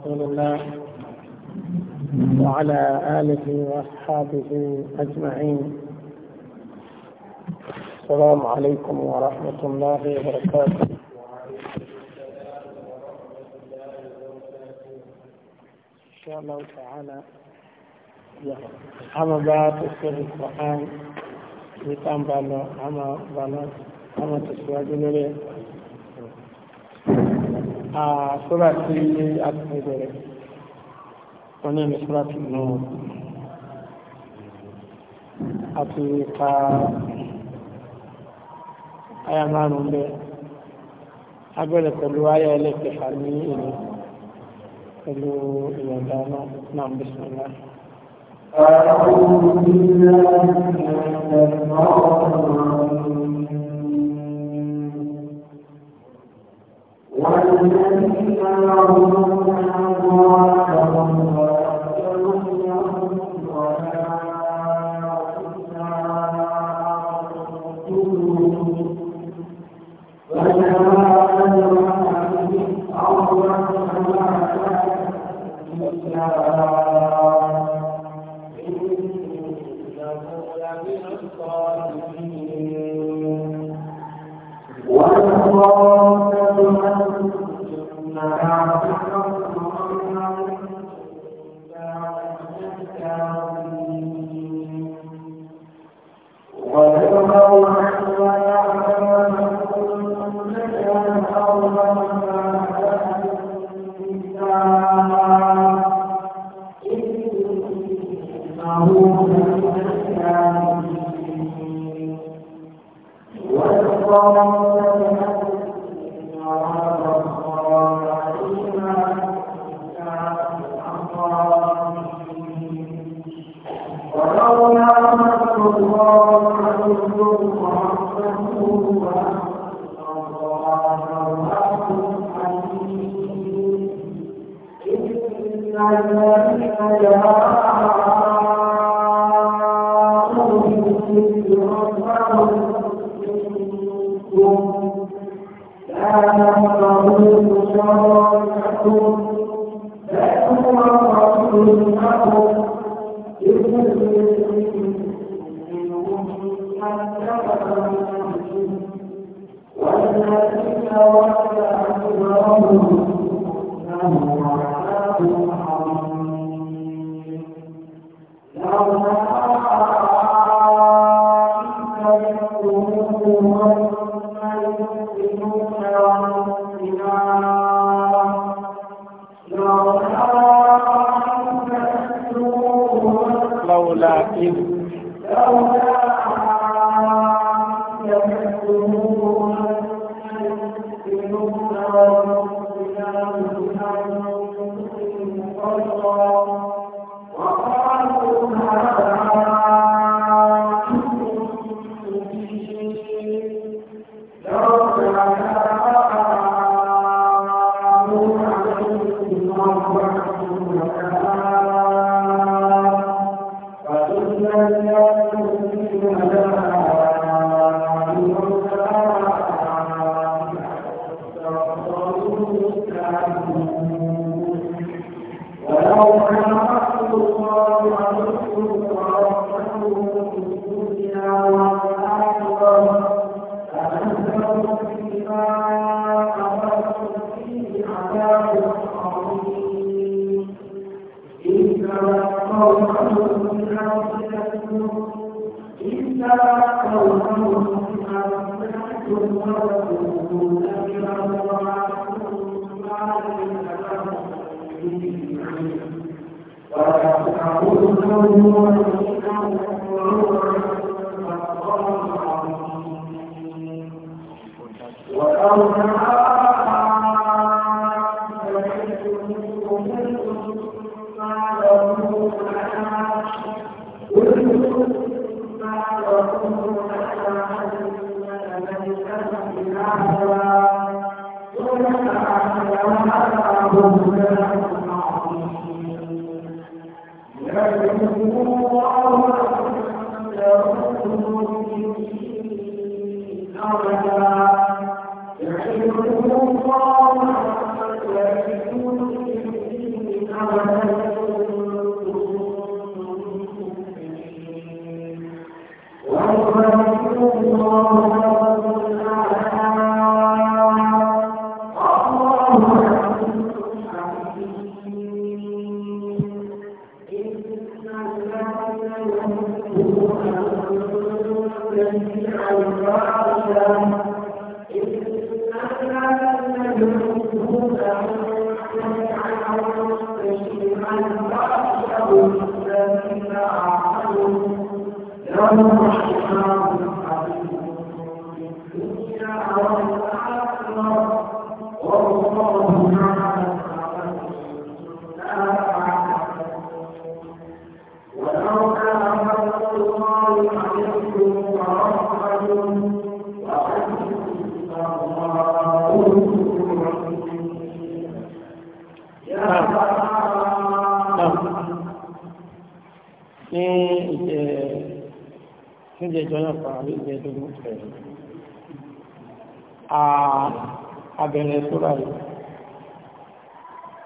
رسول الله وعلى آله وأصحابه أجمعين السلام عليكم ورحمة الله وبركاته إن شاء الله تعالى أما بعد أسر القرآن يتم بنا أما بنا أما تسواجنا ليه àṣọ́rà tí a ti fẹ́ bẹ̀rẹ̀ wọ́n ní ìṣọ́rà tí nù àti ka aya márùn-ún bẹ́ẹ̀ abẹ́rẹ̀ pẹ̀lú aya ẹlẹ́kẹ̀ẹ́fà ní ìlú pẹ̀lú ìyọ̀ǹda náà bísmìlá أعوذ بالله من الشيطان الرجيم الذين يرمون ولولا رحمة الله عليكم ورحمته وأن الله غفور حليم إن الذين Oh, my God. ọgbọ́n abẹ̀rẹ̀ sóra yìí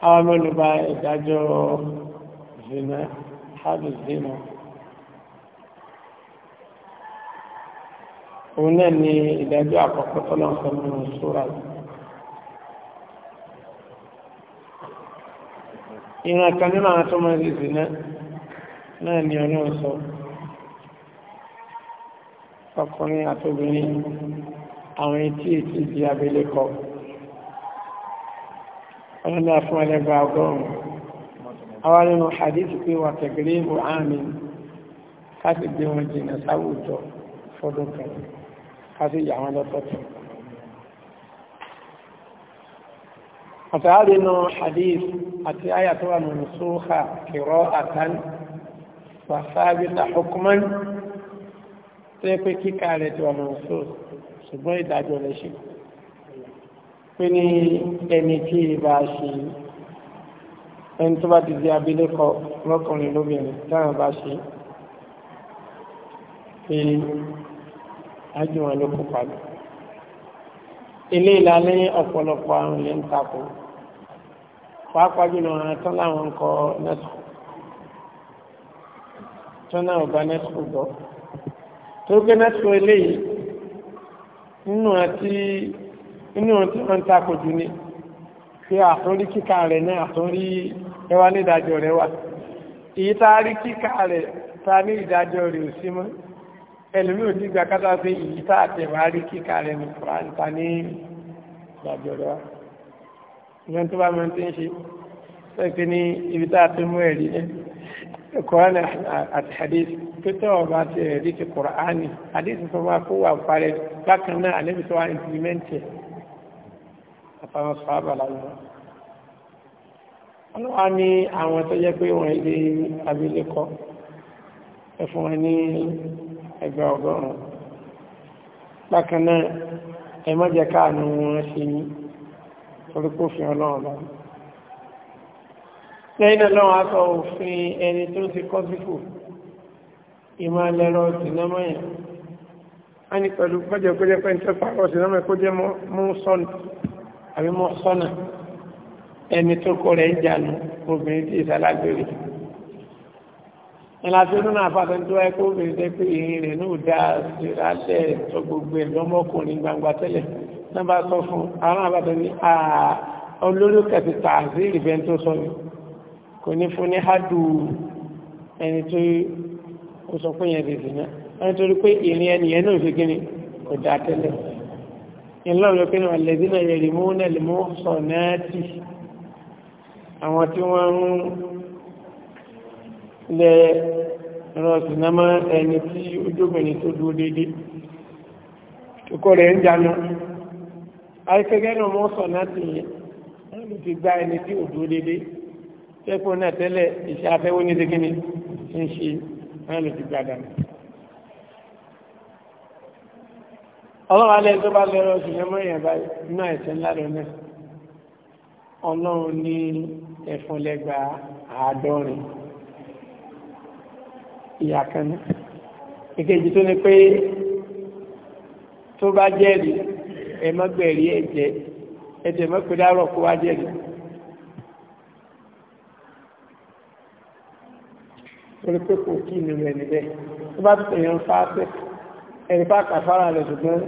àwọn mẹ́nuba ìdájọ́ zina hadu zina òun náà ni ìdájọ́ àkọ́kọ́ tọ́lọ́ sọ nínú sóra yìí ìran kan nínú àwọn tó máa ń zina náà ni ọlọ́run sọ ọkùnrin àtobìnrin àwọn etí etí di abẹ́lẹ́kọ ọlọ́dà fún ẹlẹ́gbà ọgọ́rùn-ún àwọn nínú hadithi pé wà tẹ̀gẹ́rẹ́ ìbò àmì káti gbé wọn jìnà sáwùjọ fọdún kan káti yà wọn lọ́tọ̀ọ̀tọ̀ àtàrí nínú hadith àti ayàtọ́wà nínú sóhà kíkà rẹ̀ tí wà nínú sóhà ṣùgbọ́n ìdájọ́ rẹ̀ ṣe pé ní ẹni tí ìbá ṣe ẹni tó bá ti di abilékọ lọ́kùnrin lóbìnrin táwọn bá ṣe pé ájúwọ̀n ló kó padà ilé ìlànà ọ̀pọ̀lọpọ̀ àrùn lè ń takò pàápàá jùlọ àwọn tán láwọn ń kọ nẹ́tùkù tán náà ò bá nẹ́tùkù gbọ́ tó gbé nẹ́tùkù eléyìí nínú àti nínú tí wọ́n ń takò jù ní pé àtúnrí kíkà rẹ̀ náà àtúnrí ẹwà ní ìdájọ́ rẹ̀ wà èyí tá a rí kíkà rẹ̀ ta ní ìdájọ́ rẹ̀ ò sí mọ́ ẹlòmí ò ní gbàkátà pé èyí tá àtẹ̀wà rí kíkà rẹ̀ ní kùránì ní ìdájọ́ rẹ̀ wà ìyẹn tó bá mọ́ tí ń ṣe pé ní ibi tá a ti mú ẹ̀rí náà Kùránì àti hadith pété ọba ti rí ti Kùránì hadith tó máa kó wà parẹ́ bákan náà àníbi tó wà ìmplimẹ́ntì àtàwọn sọ́ábà lálẹ́ ọlọ́wà ní àwọn tó jẹ́ pé wọ́n ilé abilékọ ẹ̀fún wọn ní ẹgbẹ́ ọgọ́rùn-ún bákan náà ẹ̀mọ́jẹ́ káà ní wọ́n ṣe ní orúkọ òfin ọlọ́run lẹ́yìn náà lọ́wọ́ aṣọ òfin ẹni tó ti kọ́ sífò ìmọ̀ ẹlẹ́rọ ìsìnámọ́yà a ní pẹ̀lú pẹ́jọ pé jẹ́ pẹ́ntẹ́ pàrọ̀ ìsìnámọ́ kó jẹ́ mú sọ́nà àbí mọ́ sọ́nà ẹni tó kọ́ rẹ̀ ń jànú obìnrin tí ìsàlágbèrè ìlàjọ nínú àfàtàn tó ẹ kó obìnrin tẹ́ pé ìrìn rẹ̀ náà dá ìrálẹ̀ tó gbogbo ẹ̀ lọ́mọkùnrin gbangba tẹ́lẹ̀ náà bá sọ fún àwọn olórí kẹsì tààzí ìrìbẹ́ tó kò ní fún ní hádù ẹni tó ó sọ pé yẹn lè dìnnà ẹni tó rí pé ìrìn ẹni yẹn náà fi gíní kò dá tẹ́lẹ̀ ìlọ́run lókè náà lẹ́bí náà yẹ̀rì mú náà lè mú sọ náà tì àwọn tí wọ́n ń lẹ ẹran sinamá ẹni tí ojóbìnrin tó dúró déédéé kókó rẹ̀ ń jáná ayíkẹ́gẹ́ náà mọ́ sọ náà tì yẹn wọ́n ti gba ẹni tí ò dúró déédéé tẹ́kọ̀ náà tẹ́lẹ̀ iṣẹ́ afẹ́wọ́ ní dégínì ń ṣe wọ́n lè ti gbàdà ọlọ́run alẹ́ tó bá lọ́rọ̀ oṣù mẹ́mọ́ èèyàn báyìí nínú àìsàn ńlá rẹ̀ náà ọlọ́run ní ẹ̀fọn lẹ́gba àádọ́rin ìyá kan ìkejì tó ní pé tó bá jẹ́rìí ẹ̀mọ́gbẹ̀rí ẹ̀jẹ̀ ẹ̀jẹ̀ mọ́pẹ̀dárọ̀ kó wá jẹ́rìí torí pé kò kí ìlú rẹ̀ níbẹ̀ tó bá ti èèyàn fáfẹ́ ẹni bá kàfàrà rẹ̀ ṣùgbọ́n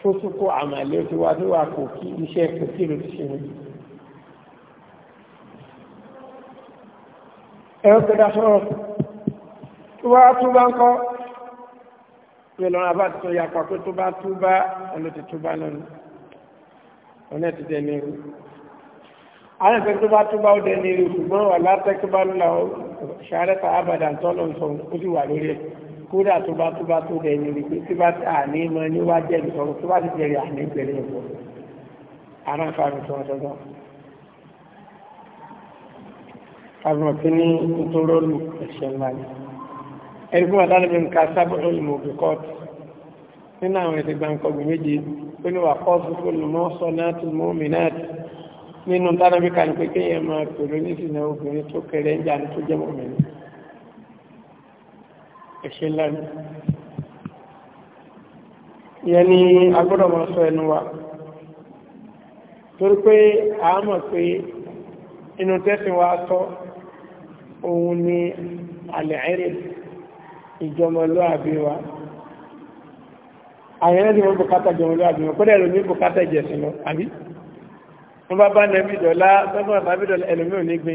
fóṣùkò àmàlẹ́ ti wá tó wà kò kí iṣẹ́ kò kí ìlú ti ṣe ní. ẹ̀rọ gbẹdà sọ̀rọ̀ tó bá tún bá ń kọ́ pé lọ́nà bá ti sọ yapa pé tó bá tún bá ọ̀nà ti tún bá lọ́nà ọ̀nà ti dẹ̀ ní irú. àwọn ìfẹ́ tó bá tún bá ó dẹ̀ ní irú ṣùgbọ́n wà látẹ́kẹ́ bá lọ́la ọ̀hún ṣàrẹ́ta abadan tọ́lọ̀ ń sọ ó sì wà lórí ẹ̀ kódà tó bá tó bá tó dẹ̀ ní rí pé tí bá ti àní mọ́ ní wá jẹ́ ìsọ̀rọ̀ tó bá ti jẹ́rìí àní ìgbẹ̀rẹ̀ ẹ̀kọ́ ara ń fa mi sọ ọ̀sọ́gbọ́. àwọn tí ní nítorọ́ lù ẹ̀ṣẹ̀ ńlá ẹni fún àdáni mi nǹka sábọ̀ olùmọ̀ òbí kọ́ọ̀tù nínú àwọn ètò gbàǹkọ̀gbìn méje ó ní nínú tánàbí kan pé kéèyàn máa pèrò nísìnyí obìnrin tó kéré ń jà ní tó jẹ́ mọ̀mẹ́ni ẹ̀ṣẹ̀ lánàá ìyẹn ni a gbọ́dọ̀ máa sọ ẹnu wa torí pé a mọ̀ pé inú tẹ́sìn wa tọ́ òun ni àlẹ́ẹ̀rẹ̀ ìjọmọlúàbí wa àyẹ̀rẹ́ ni wọ́n bùkátà jọmọlúàbí wọn kọ́dẹ̀ lómi bùkátà ìjẹ̀sìn lọ àbí wọ́n bá bá nẹ́bí dọ̀lá tọ́gbọ́n àbábí dọ̀lá ẹlòmí ò ní gbé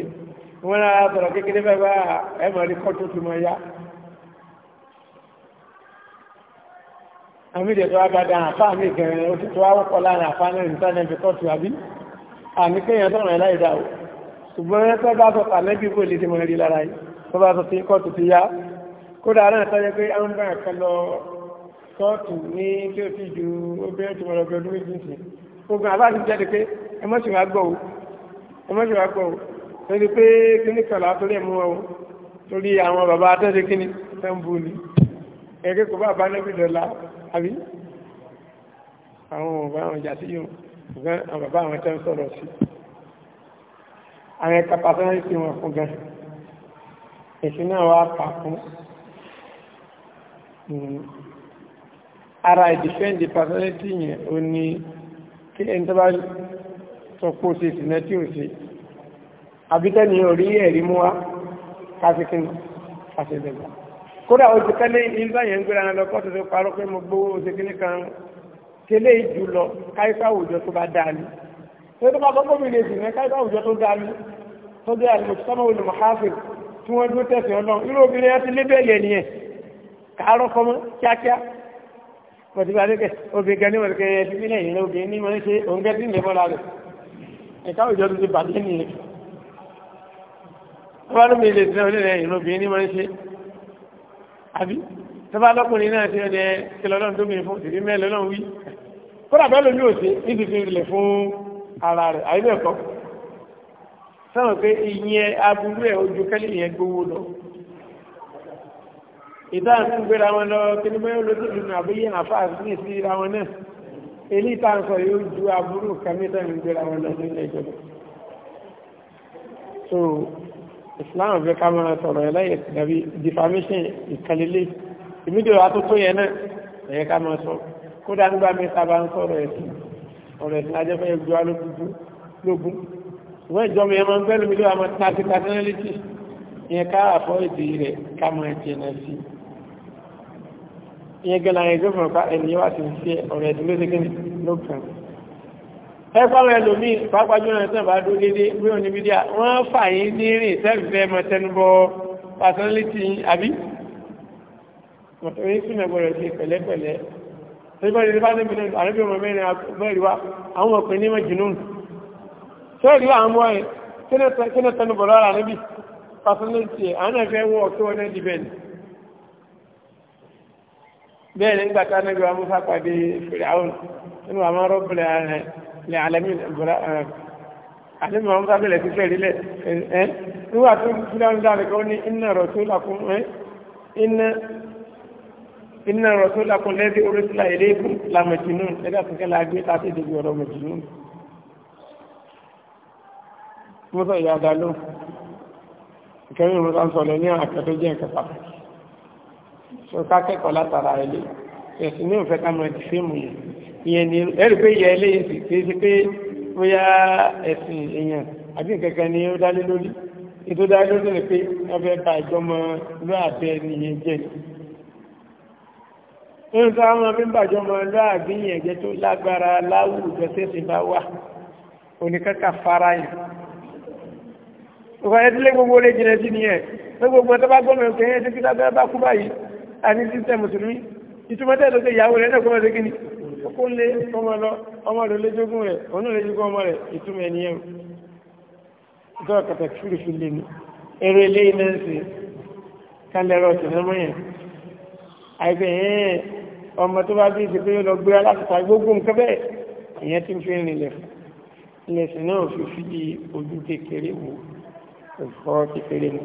wọ́n rárá sọ̀rọ̀ kékeré bẹ́ẹ̀ bá ẹ̀mọ̀ rí kọ́ tó fi mọ ya. àmì ìdẹ̀tọ́ abada àfa mi gẹ̀rẹ̀ ó ti tó awọ́pọ̀ láàrin àfa náà níta nẹ́bí kọ́ tó àbí àmì kéèyàn sọ̀rọ̀ ẹ̀ láì dá ṣùgbọ́n ẹ bá sọ pàlẹ́bí bó lè ti mọ rí lára yìí tọ́ bá sọ ya kódà náà tọ́jú pé àwọn bá kan lọ kọ́ọ̀tù ní tí ó ti ju obìnrin tó ogun àbá ti jáde pé ẹ mọ̀ sí wa gbọ́ o ẹ mọ̀ sí wa gbọ́ o lórí pé kíní kọlà torí ẹ̀ mú wọn o torí àwọn bàbá atẹ́sẹ̀ kíní ẹ̀ ń bu ni ẹ̀kẹ́ kò bá abánẹ́bí dọ̀la àbí àwọn bàbá àwọn ìjà sí yìí ṣùgbọ́n àwọn bàbá àwọn tẹ́ ń sọ̀rọ̀ sí àwọn ẹ̀ka pàṣẹ sí wọn fún gan ẹ̀sìn náà wá pa fún hmm. ara ìdífẹ́ǹdì pàṣẹ sí yẹn ó ní kí ẹni tó bá sọ pé ó ṣe ìsìnà tí ò ṣe àbítẹ́ni orí ẹ̀rí mú wa kásìkín kásìdẹ̀gbà kódà ó ti kẹ́lé ilé yẹn ń gbéra lọ kọ́ tó ti parọ́ pé mo gbowó ó ṣe kíní kan kélé ìjù lọ káyíká àwùjọ tó bá dáa ní tó tó bá kọ́kọ́ mi lè sìn ní káyíká àwùjọ tó dáa ní tó dé àlùmọ̀ tó sọ́mọ́ olùmọ̀ káfíìn tí wọ́n dúró tẹ̀sán ọlọ́run irú obìnrin yẹn ti lébẹ̀lì ẹ̀ nìyẹn kàárọ̀ fọmọ kíákíá kò sí bàdé kẹ obìnrin kan ní wọlé kẹ ẹbí mílẹ̀ yìí lóbìnrin ní mo ń ṣe òun gẹ́tì ń lè bọ́lá rẹ̀ ẹ̀ka òjò tó ti bàjẹ́ nìyẹn tọ́ba lómi lè sinẹ́ onílẹ̀ yìí lóbìnrin ní mo ń ṣe àbí tọ́ba lọ́kùnrin náà ti ọdẹ kìlọ́lọ́n tó mi fún tìrí mẹ́lẹ́ lọ́n wí kódà bẹ́ẹ̀ lómi ò sí ní ìta ń gbéra wọn lọ kí ní bẹ́ẹ̀ olóṣèlú nínú àbúyé àfáà ní ìsira wọn náà èlé ìta ń sọ yóò ju aburú kàmíta ń gbéra wọn lọ nílẹ̀ ìjọba so islam fẹ́ ká máa sọ̀rọ̀ ẹ̀ láyé dàbí defamation ìkàlélé ìmídìí wa tó tó yẹn náà ẹ̀yẹ ká máa sọ kódà nígbà mẹ́ta bá ń sọ̀rọ̀ ẹ̀sìn ọ̀rọ̀ ẹ̀sìn ajẹ́fẹ́ ẹgbẹ́ wa lógún ìwọ́n ìjọba yẹn máa ń bẹ́ẹ̀ lómi ló wà máa tàbí tàbí náà létí ìyẹn ká àfọ́ ìdí rẹ̀ ká máa jẹ́ náà sí i ìyẹn gẹ́la ẹni tó fún ọ̀pá ẹni wá ti ń ṣe ọ̀rọ̀ ẹ̀dùn lóṣè kí ló kàn. ẹ fáwọn ẹlòmíì pàápàá jùlọ náà sábà dúró dédé bí wọn níbi díà wọn fà yín ní rìn sẹ́fìfẹ́ mọ tẹnubọ pàṣẹlítì àbí. mọ̀tòrí sínú ẹgbẹ́ rẹ̀ ṣe pẹ̀lẹ́pẹ̀lẹ́ sọ́jọ́bọ́n ìdílé bá níbi náà àrẹ́bí ọmọ mẹ́rin mẹ́rin wa àwọn ọ̀pẹ ní mẹ́jìnnú bẹ́ẹ̀ ni nígbà tá níbi wa musa pàdé fìrìhàn nínú àwọn rọ́bìlẹ̀ ilẹ̀ alẹ́mí àdébí wa musa bẹ̀rẹ̀ sí fẹ́rí lẹ̀ ẹ́ nígbà tó fìrìhàn dáre kọ́ ní iná rọ̀túlàkùn ẹ́ iná rọ̀túlàkùn lẹ́bí orísìlá ilé ikú lamẹ̀tìnú ẹ̀dá tó kẹ́lá gbé tàbí ìdíbi ọ̀rọ̀ mẹ̀tìnú musa ìyá dalóhùn musa sọ̀rọ̀ ní àkàtọ́jẹ́ ìkẹta so kákẹ́kọ̀ọ́ látara ilé ẹ̀sìn ní òfẹ́ ká mọ ẹ̀dì fíìmù yẹn ìyẹn ni ẹ̀rù pé ìyẹn ilé yìí sì ṣe pé bóyá ẹ̀sìn èèyàn àbí nǹkankan ni ó dálé lórí ètò dálé lórí ni pé wọ́n fẹ́ ba ìjọmọ lóàbí ẹni jẹ́ ni nínú tó àwọn ọmọ bíbà ìjọmọ lóàbí yẹn jẹ́ tó lágbára láwùjọ tẹ̀sìn bá wà oníkàkà fara yẹn òkò ẹ̀dílé gbogbo lè jìnà sí nìyẹn gbogbo ọmọ bá gbọ́mọ̀ ẹ̀kọ́ yẹn tó kí àní sísẹ́ mùsùlùmí ìtumọ̀ tẹ́ ló ṣe ìyàwó rẹ̀ náà kọ́mọ̀ sí kí ni kó lé ọmọ lọ ọmọ rẹ̀ lójógún rẹ̀ òun lè jogún ọmọ rẹ̀ ìtumọ̀ ẹni yẹn ìjọba pàtàkì fúri fi lé ní eré ilé iná ń ṣe kálẹ̀rọ̀ tìǹbù yẹn àìpẹ́ yẹn ọmọ tó bá bí ìṣèpé lọ gbé alákòókò gbogbo nǹkan bẹ́ẹ̀ ìyẹn ti ń fi rìn lẹ̀ ilẹ̀ sí náà fi fi ojú kékeré wò ẹ̀fọ́ kékeré mu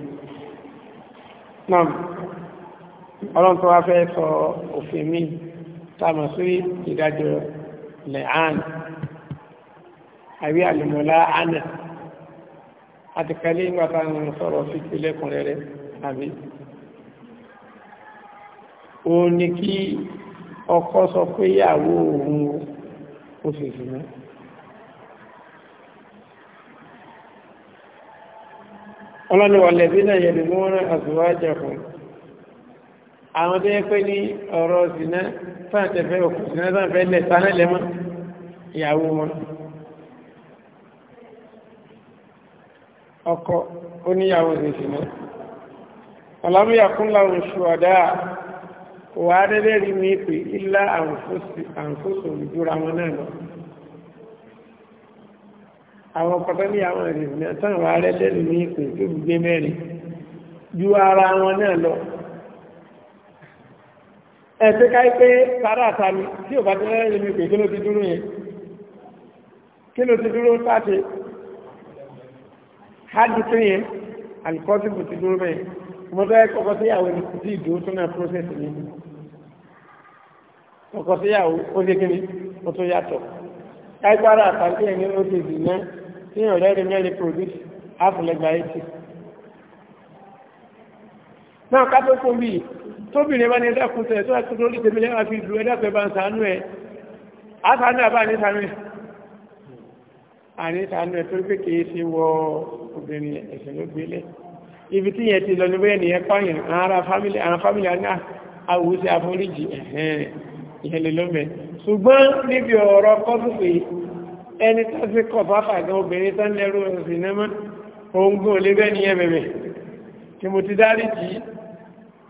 ọlọ́run tó wá fẹ́ sọ òfin mi táàmù sí ìdájọ́ lẹ́hàn àbí àlùmọ́lá àná àti kálí ìgbà táwọn sọ̀rọ̀ sí ìpínlẹ̀kùnrẹ́rẹ́ àbí ó ní kí ọkọ sọ pé ìyàwó òun ó sì sí náà ọlọ́ni wà lẹ́bí náà yẹ̀lùmọ́rán àzúwájà fún un àwọn tó yẹ pé ní ọ̀rọ̀ zina fáàtẹ̀fẹ́ òkú zina sáàfẹ́ lẹ̀ sánẹ́lẹ̀ mọ́ ìyàwó wọn ọkọ oníyàwó zina ọ̀làmúyà kún láwọn oṣù ọ̀dá wà á dédé rí mi pé ilá àǹfóso ìjúra wọn náà lọ àwọn ọkọ̀tọ́ níyàwó rẹ̀ zina táwọn arẹ́lẹ́rìí mi pé tó gbé mẹ́rin ju ara wọn náà lọ ẹ̀sẹ̀ káyí pé sára àtàmì tí ò bá tẹ́lẹ̀ rẹ̀ mi pè kí ló ti dúró yẹn kí ló ti dúró sáàtì hajj tó yẹn alikọ́sìbù ti dúró bẹ́ẹ̀ mo tẹ́ kọ́kọ́ síyàwó ni kò sí ìdúró tó náà process mi kọ́kọ́ síyàwó ó lé kí ni ó tó yàtọ̀ káyí pé ara àtàmì yẹn ni ó ti dì náà tí ọ̀rẹ́ rẹ̀ mẹ́rin produce half lẹ́gbàá 80. náà ká tó tóbìnrin bá ní ẹ̀dàkùn tẹ̀ tó àti lórí tèmi lẹ́wà fi ìlú ẹ̀dàkùn ẹ̀bá ń sàánú ẹ̀ àtàánú àbá àníṣàánú ẹ̀ àníṣàánú ẹ̀ tó rí pé kìí sí wọ obìnrin ẹ̀sẹ̀ ló gbélé ibi tí yẹn ti lọ ní bẹ́ẹ̀ nìyẹn pààyàn ara fámìlì àwọn fámìlì àná àwòsí àforíjì ìyẹn lè lọ́mẹ̀ ṣùgbọ́n níbi ọ̀rọ̀ kọ́sùpé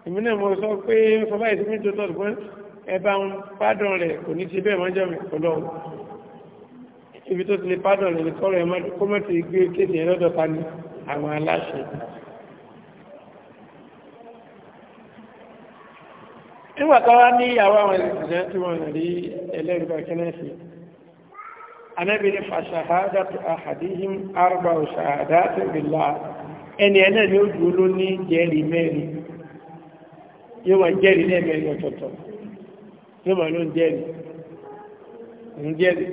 èmi náà mo sọ pé sọ báyìí sí mi tó tọ́ ṣùgbọ́n ẹ bá ń pádùn rẹ̀ kò ní ti bẹ́ẹ̀ mọ́ jọ mi kò lọ ibi tó ti lè pádùn rẹ̀ ní kọ́rọ̀ ẹ̀ kó mọ́ ti gbé kéde ẹ̀ lọ́dọ̀ ta àwọn aláṣẹ. nígbà táwa ní ìyàwó àwọn ìṣẹ̀lẹ̀ tí wọ́n rí ẹlẹ́rìí bá kẹ́lẹ́ sí àhàdíhìm àrùbà òṣàhádà tó ẹni ẹlẹ́rìí ó dúró ní jẹ́rìí mẹ́rin yóò máa jẹ́rìí lẹ́ẹ̀mẹ́rin ọ̀tọ̀ọ̀tọ̀ yóò máa ló ń jẹ́rìí ń jẹ́rìí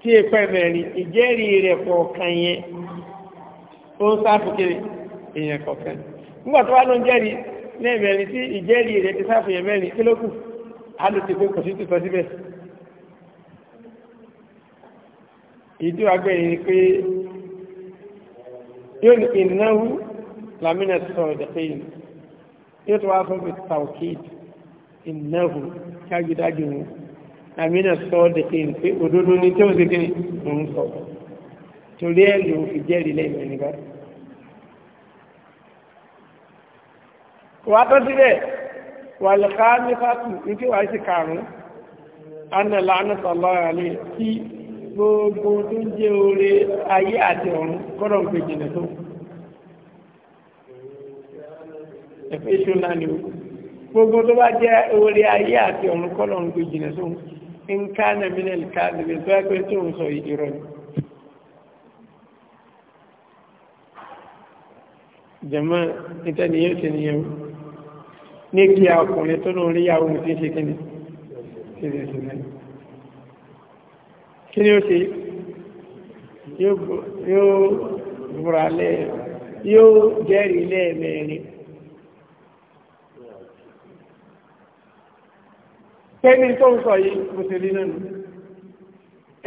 tí èpẹ́ mẹ́rin ìjẹ́rìí rẹ̀ kọ̀ọ̀kan yẹn ó ń sáàfù kiri èèyàn kọ̀ọ̀kan nígbà tó wá ló ń jẹ́rìí lẹ́ẹ̀mẹ́rin tí ìjẹ́rìí rẹ̀ ti sáàfù yẹn mẹ́rin kí ló kù á ló ti pé kò sí ti sọ síbẹ̀ ìdí agbẹ́yìn ni pé yóò ní ìnáwó làmínà sọ̀rọ̀ dẹ̀pẹ́yìn yóò tó wá fún mi tàwùkìd ìnáhù kájúdájú wọn àmínà sọ dèké pé òdodo ni tí ó ti kiri òun sọ torí ẹ ló fi jẹ́rìí lẹ́yìn ẹnìkan. wàá tọ́ síbẹ̀ wàlùkáàmì fásitì ní tí wàá sì kàrún anna lánàtà lọ́rọ̀ lè kí gbogbo tó ń jẹ́ oore ayé àti ọ̀run kọ́dọ̀ ń pè jìnà tó ẹ̀fẹ́ ṣúná ni o gbogbo tó bá jẹ́ orí ayé àti ọ̀run kọ́ lọ́run gbé jìnà sóhun ń ká nàmínà ìka àdìbò tó yẹ pé tóun sọ ìrọ̀ ni. jẹ̀mọ́ ìtẹ́niyẹ́ ṣe ni yẹn ní kí a ọkùnrin tó lóun rí yàwó mi ti ṣe kíni ṣe lè ṣe lẹ́nu kí ni ó ṣe yóò búra lẹ́ẹ̀ yóò jẹ́rìí lẹ́ẹ̀mẹ́rin pẹ́ni tó ń sọ yìí kò sí rí nínú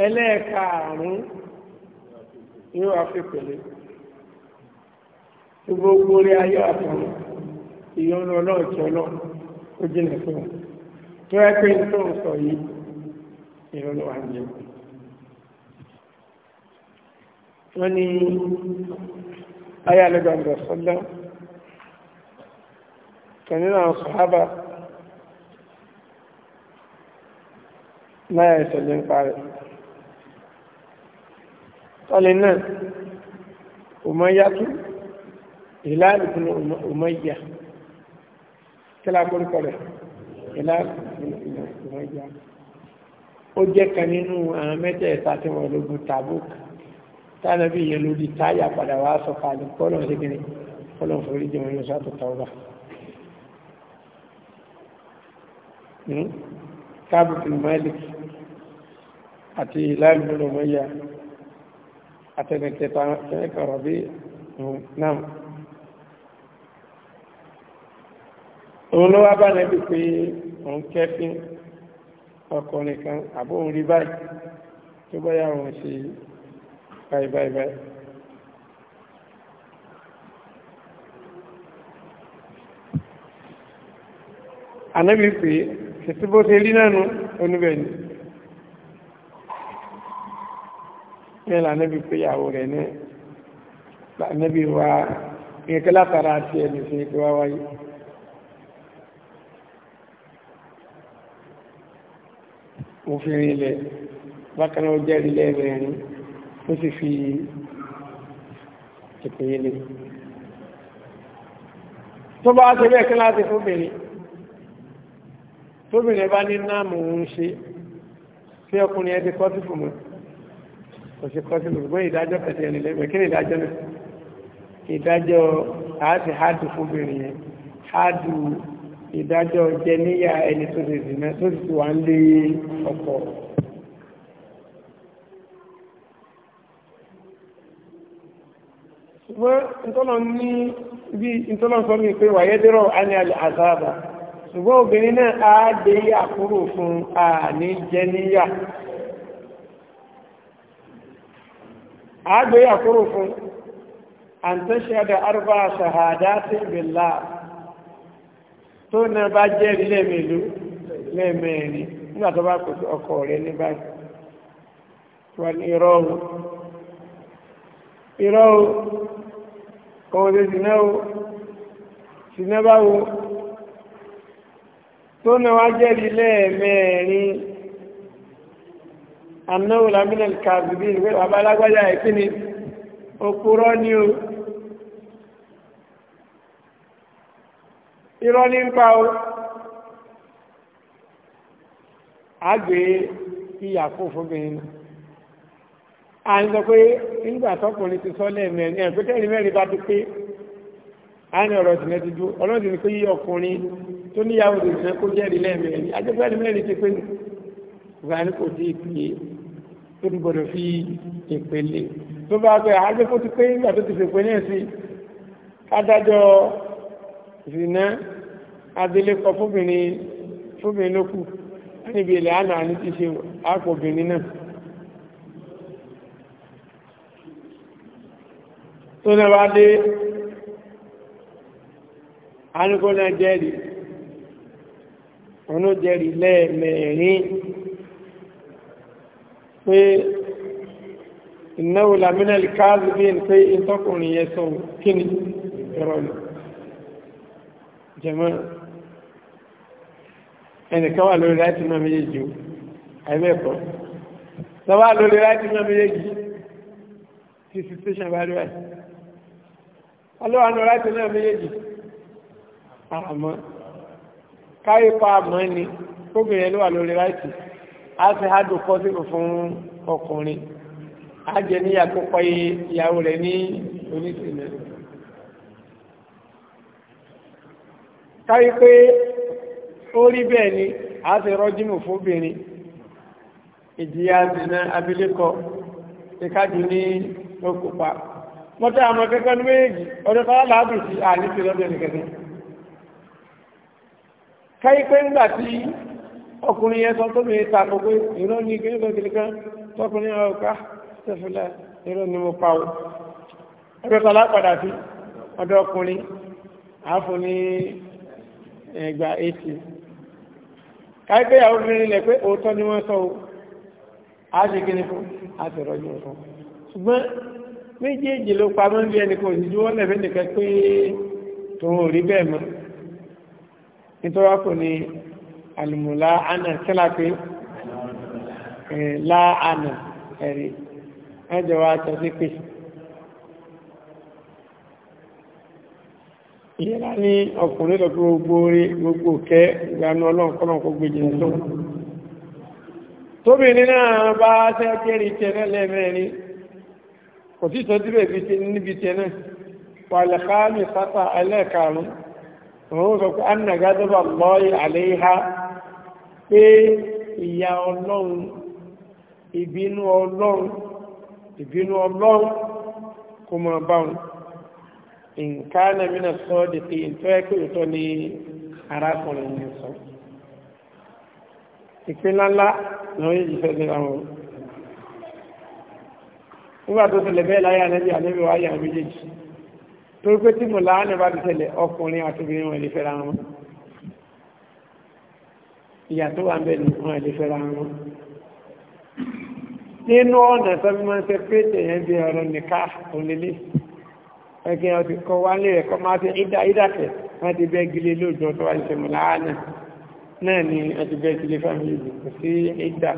ẹlẹ́ẹ̀kaàrún yóò wá fi pèlè gbogbo orí ayé àtọ̀run ìyọnu ọlọ́run tí ọlọ́run ó jìnà fún wọn tó ẹ pé tó ń sọ yìí ìyọnu wà ní ẹkùn wọ́n ní ayé àlẹ́gbàgbà sọ́lá kan nínú àwọn láyà ìṣẹ̀lẹ̀ ń parẹ̀ tọ́lẹ̀ náà Umayyatu Hilal ibn Umayya kílá kórìkọ rẹ̀ Hilal ibn Umayya ó jẹ́ kan nínú àwọn mẹ́tẹ̀ẹ̀ta tí wọ́n lógun Tabuk tánàbí yẹn ló di táyà padà wá sọ kalẹ̀ kọ́lọ̀ sí kìnnì kọ́lọ̀ forí jẹun yóò sá tó tọ́wọ́ Káàbù bin àti ìlànà olómọ́yà àtẹnìkẹta ẹ̀kọ̀rọ̀ bí náà òun ló wá bá nẹ́bí pé òun kẹ́fín ọkùnrin kan àbó òun rí báyìí tó bọ́yá òun ṣe báyìí báyìí báyìí ànẹ́bí pé kìtìbó ṣe rí náà nù oníbẹ̀ni ní lànàbí péyàwó rẹ̀ ní lànàbí wa ìrìnkẹ́ látara àti ẹni sí ìpé wá wáyé mo fi rin ilẹ̀ bákan náà jẹ́ ilẹ̀ rẹ̀rin ó sì fi ìpéyele tó bá ṣe bẹ́ẹ̀ kí láti fóbìnrin tóbìnrin bá ní náà mò ń ṣe tí ọkùnrin ẹ ti kọ́ sí fún mi kò sí kọ́sílù gbọ́n ìdájọ́ kẹsẹ̀ ẹni lẹ́gbẹ̀ẹ́ ni ìdájọ́ náà ìdájọ́ àti hádù fúnbìnrin yẹn hádù ìdájọ́ jẹ níyà ẹni tó ti zìnà tó ti ti wà ń lé ọkọ ṣùgbọ́n ìtọ́lọ ní bí ìtọ́lọ sọ mi pé wàyẹ́ dẹ́rọ̀ á ní alẹ́ àzáàbà ṣùgbọ́n obìnrin náà á dé yà kúrò fún àní jẹ níyà agbe ya kurufu an ta shaida arba shahadati billah to na ba je le melu le meni na to ba ku oko re ni ba wan irau irau ko na dinau sinaba u to na wa je le meni anáwó lamínà kàbíbí ìwé bàbá alágbájá ẹ̀ kíni òpùrọ́ ni o irọ́ ní ń pa o àgbè ìyà kó fóbìnrin náà à ń sọ pé nígbà tọkùnrin ti sọ lẹ́ẹ̀mẹ́rin ẹ̀ pé kẹ́rin mẹ́rin bá ti pé àárín ọ̀rọ̀ ìsìnlẹ̀ ti dúró ọlọ́run ti ní pé yí ọkùnrin tó níyàwó ìsìnlẹ̀ kó jẹ́rìí lẹ́ẹ̀mẹ́rin ajẹ́pẹ́rin mẹ́rin ti pé nù ìgbà ní kò tí ì pè é tó ti gbọdọ̀ fi ìpele tó bá gbé àgbẹ̀ kó ti pé nígbà tó ti fèpè náà sí adájọ́ ìrìnà adélépọ fóbìnrin fóbìnrin ló kù níbi ilẹ̀ àná àní ti ṣe àpò obìnrin náà tó náà bá dé anukó náà jẹ́rìí òun ó jẹ́rìí lẹ́ẹ̀mẹ̀rin pé ìnáwó laminal káàzì bí n pé ìtọ́kùnrin yẹ sọ kíni ìrọ̀ lọ jẹmọ́ ẹnìkan wà lórí láti náà méjèèjì o àìbẹ́ẹ̀kọ́ tó wà lórí láti náà méjèèjì tí situation bá rí báyìí ọlọ́wà náà láti náà méjèèjì àmọ́ káyípa àmọ́ ni kóbìnrin ló wà lórí láti náà á fi hádùn pọ́sibù fún ọkùnrin á jẹ níyà tó ìyàwó ní ó rí bẹ́ẹ̀ ni á fi rọ́jìmù fún obìnrin ìjìyà dìna abilékọ ìkájú ní mọ́tẹ́ àmọ́ kẹ́kẹ́ ní méjì ọdún láàbù sí lọ́dọ̀ nìkẹ́kẹ́ ọkùnrin yẹn sọ tó bèèrè tako pé ìrọ́ ní kíníkan kíníkan tọkùnrin àwọn ọ̀ká tẹ̀fẹ̀lá ìrọ́ ni mo pawọ́ ẹgbẹ́ta lápadà sí ọ̀dọ̀ ọkùnrin àáfò ní ẹgbà èsì káyipẹ́ ìyàwó obìnrin lẹ̀ pé òótọ́ ni wọ́n sọ o á ṣe kíní fún á sì rọ́jú fún ṣùgbọ́n méjèèjì ló pa mọ́ bí ẹnì kan òṣìṣú wọ́n lẹ̀ fẹ́ nìkan pé tòun ò rí bẹ́ẹ̀ mọ́ nítorí wá kò ní àlùmùlá ànà kílápé láàánà la ẹjọ́ wa tọ́ sí pé ìyẹ́lá ní ọkùnrin lọ gbogbo orí gbogbo kẹ́ ìgbànú ọlọ́run kọ́nà tó tóbìnrin náà bá tẹ́ kéré tẹ́ náà lẹ́mẹ́rin kò sí tọ́jú bẹ̀ níbi tẹ́ náà wàlẹ̀káàmì sátà ẹlẹ́ẹ̀karùn-ún òun sọ pé lọ́ọ̀yì àléhà pé ìyà ọlọ́run ìbínú ọlọ́run ìbínú ọlọ́run kò mọ̀ bá wọn nǹkan nàmínà sọ ọ́ dìtì ìtọ́ ẹ̀kọ́ ìtọ́ ni arákùnrin ní sọ ìpínlá ńlá lọ́wọ́ yìí fẹ́ síra wọn nígbà tó tẹ̀lẹ̀ bẹ́ẹ̀ láyé ànẹ́bí ànẹ́bí wáyé àwọn méjèèjì torí pé tí mo láánẹ́ bá ti tẹ̀lẹ̀ ọkùnrin àti obìnrin wọn lè fẹ́ra wọn ìyà tó wà bẹ́ẹ̀ nìkan ẹ̀lẹ́ fẹ́ra wọn nínú ọ̀nà sọ́mọ́ ṣe pété yẹn bí ọ̀rọ̀ nìka onílé ẹgbẹ́ ọtí kọ wálé ẹ̀kọ́ máa ti ìdá ìdàkẹ̀ wọ́n ti bẹ́ẹ̀ gilé lóòjọ́ tó wá ìṣẹ̀mù láàánà náà ni wọ́n ti bẹ́ẹ̀ gilé fámìlì kò sí ìdá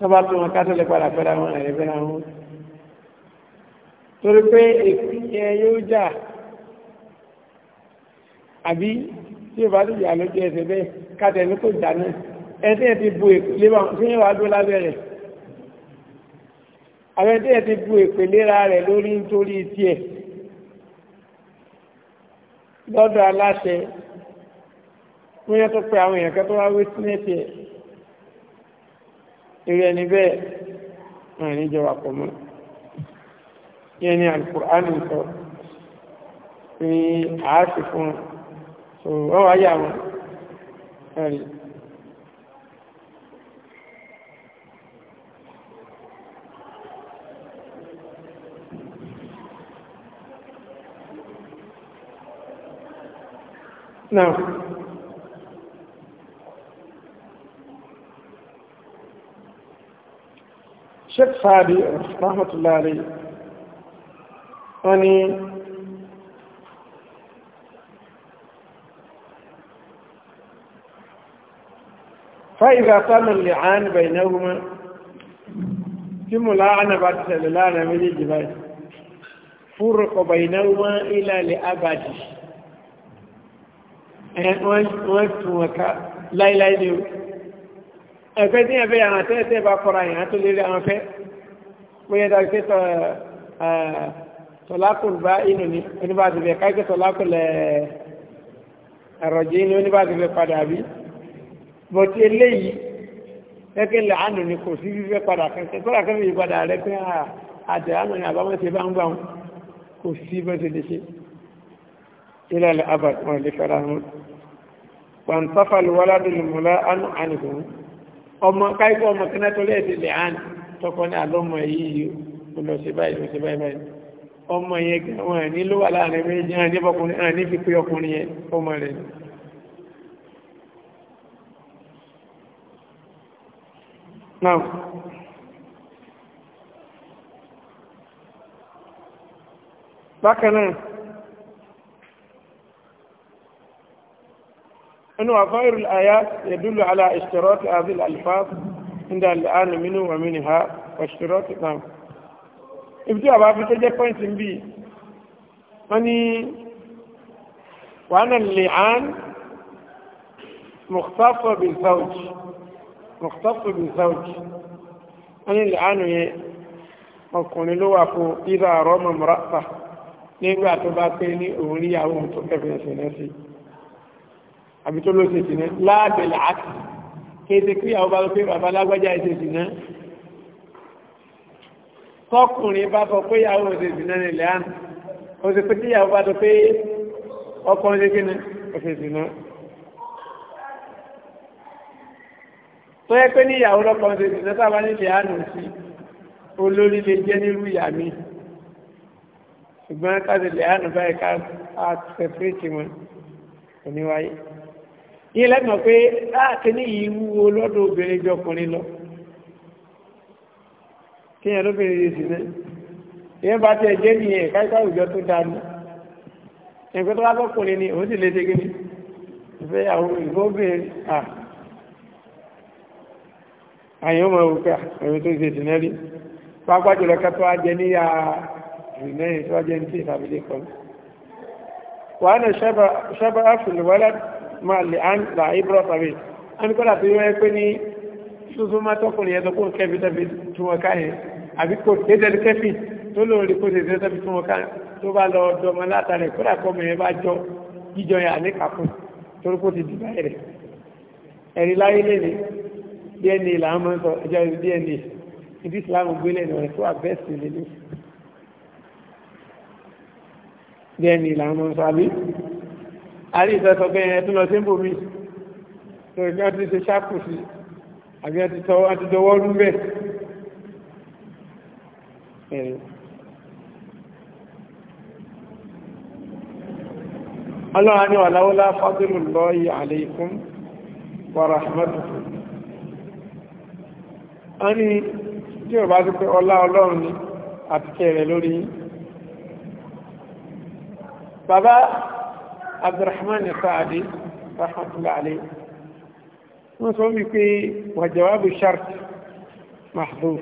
tọ́ba tó wọn ká tó lè padà pẹ́ra wọn ẹ̀rẹ́ pẹ́ra wọn torí pé èkú yẹn yóò jà àbí tí ìbá tó jà lójú ẹsẹ̀ bẹ́ẹ̀ kátẹ̀ ní kò jà náà ẹni tí yẹn ti bu èkú lébà fún yẹn wàá dó lábẹ́ rẹ̀ àwọn ẹni tí yẹn ti bu èkú rẹ̀ lórí nítorí tiẹ̀ lọ́dọ̀ aláṣẹ fún yẹn tó pe àwọn èèyàn kẹ́tọ́ wá wé sínú ẹ̀tì ẹ̀ irú ẹni bẹ́ẹ̀ wọn ní jọ wà pọ̀ mọ́ yẹn ni alukur'anu sọ ní àásì fún wọn so wọ́n wá yà wọn Now, sheikh saadi rahmatullahi alayhi wọ́n ní فإذا قام اللعان بينهما tí mo láàánà bá ti ṣẹlẹ̀ láàrin méjèèjì báyìí fúrùkọ̀ bàìnáwó wọn ìlàlẹ̀ abàjì wọ́n tún wọn ká ẹ̀fẹ́ tí ẹ̀fẹ́ àwọn àtẹ́ẹ̀tẹ́ bá kọ́ra yìí tó lérí àwọn fẹ́ bóyá dáa ṣe tọ́ tọ́lákùn bá inú ni oníbàdí bẹ̀ káyọ̀ tọ́lákùn lẹ̀ ẹ̀rọ̀jì ni oníbàdí bẹ̀ padà bí bọ̀tí eléyìí ẹ̀kẹ́ lẹ̀ àánú ni kò sí fífẹ́ padà kẹ́kẹ́ kọ́ra kẹ́kẹ́ yìí padà rẹ pé ah, àtẹ̀ àánú ni àbámọ́ ṣe kò sí bẹ́ẹ̀ ṣe lè ṣe ilẹ̀ àbàtàn lè wọn pàǹtàfà lè wọ́lá ọmọ káíkọ́ ọmọ kí náà tọ́lẹ̀ ti lè hàn tọkọ ní àlọ́mọ yìí ó lọ sí báyìí lọ sí báyìí báyìí ọmọ yẹn gan wọn ní ló wà láàrin méjì hàn níbọkùnrin hàn ní fífi ọkùnrin yẹn ọmọ rẹ ni. náà bákan náà أنه غير الآيات يدل على اشتراط هذه الألفاظ عند الآن منه ومنها واشتراط نعم ibùdó àbá fi tó jẹ́ pọ́ìntì ń bí wọ́n ní wàhánà lè'án mọ̀tàfọ̀ bí sáwùjì mọ̀tàfọ̀ bí sáwùjì wọ́n ní lè'án yẹn ọkùnrin ló wà fún ìdá àrọ́ mọ̀mọ́rápà nígbà tó bá pé ní òun rí àwọn tó kẹfẹ́ ṣẹlẹ̀ sí i àbí tó ló ṣe sí ní láàbẹ̀lẹ̀ àti kéde kí àwọn bàbá pé bàbá lágbájá ṣe sí náà tọkùnrin bá sọ pé ìyàwó ṣe sí náà nílẹ̀ àná ó ṣe pé kí ìyàwó bá pé ọkùnrin ṣe kí ni ó ṣe sí náà tó yẹ pé ní ìyàwó lọ́kàn ṣe sí náà sábà nílẹ̀ àná sí olórí lè jẹ́ nírú ìyá mi ṣùgbọ́n káṣí lè àná báyìí ká a ìtìmọ̀ òníwáyé yí lẹ́gbọ̀n pé láti ah, ní ìwúwo lọ́dọ̀ obìnrin jọkùnrin lọ kí ẹ̀ lóbìnrin yìí sí náà ìyẹn bá tẹ̀ jẹ́ nìyẹn káíká òjò tó dáa ní ẹ̀kọ́ tó lápọ̀kùnrin ni òun sì lè ṣe gíní ìfẹ́ àwọn ìfọ́bìnrin à àyẹ̀wò mọ̀ òkà ẹ̀rọ tó ṣe sí náà rí pápá jùlọ ká tó ajẹ níyà máa lè án là ibro tàbí ẹni kọ́lá tó yẹ pé ní ṣúṣú máa tọ́kùnrin ẹ̀dọ́ kó kẹfì tàbí tún wọn ká yẹn àbí kò tẹ́tẹ́ kẹfì tó lóun rí kó tẹ́tẹ́ tàbí tún wọn ká tó bá lọ dọmọ látàrí kọ́lá kọ́ mẹ́rin bá jọ jíjọ yẹn àní kàkún torí kó ti dìbà rẹ̀ ẹ̀rí láyé lẹ́ni dna là ń mọ́ sọ ẹjọ́ dna ìdí ìsìlámù gbélé ni wọ́n tó àbẹ́sì lẹ́ni dna là ń mọ́ sọ àbí àrí ìsọsọ pé ẹ tún lọ sí ibò mi tó ìgbà tí ṣe ṣáàpù sí àbí àti dọwọ́ rú bẹ́ẹ̀ ọlọ́run ni wàláwọ́lá fọ́dúnlù lọ́yí àlèkún wàràhàmàtù a ní tí ò bá ti pé ọlá ọlọ́run ni àti kẹrẹ lórí bàbá abdulrahman saadi rahmatullahi alayhi wọ́n sọ wípé wàjọ̀wábù shart mahdhuf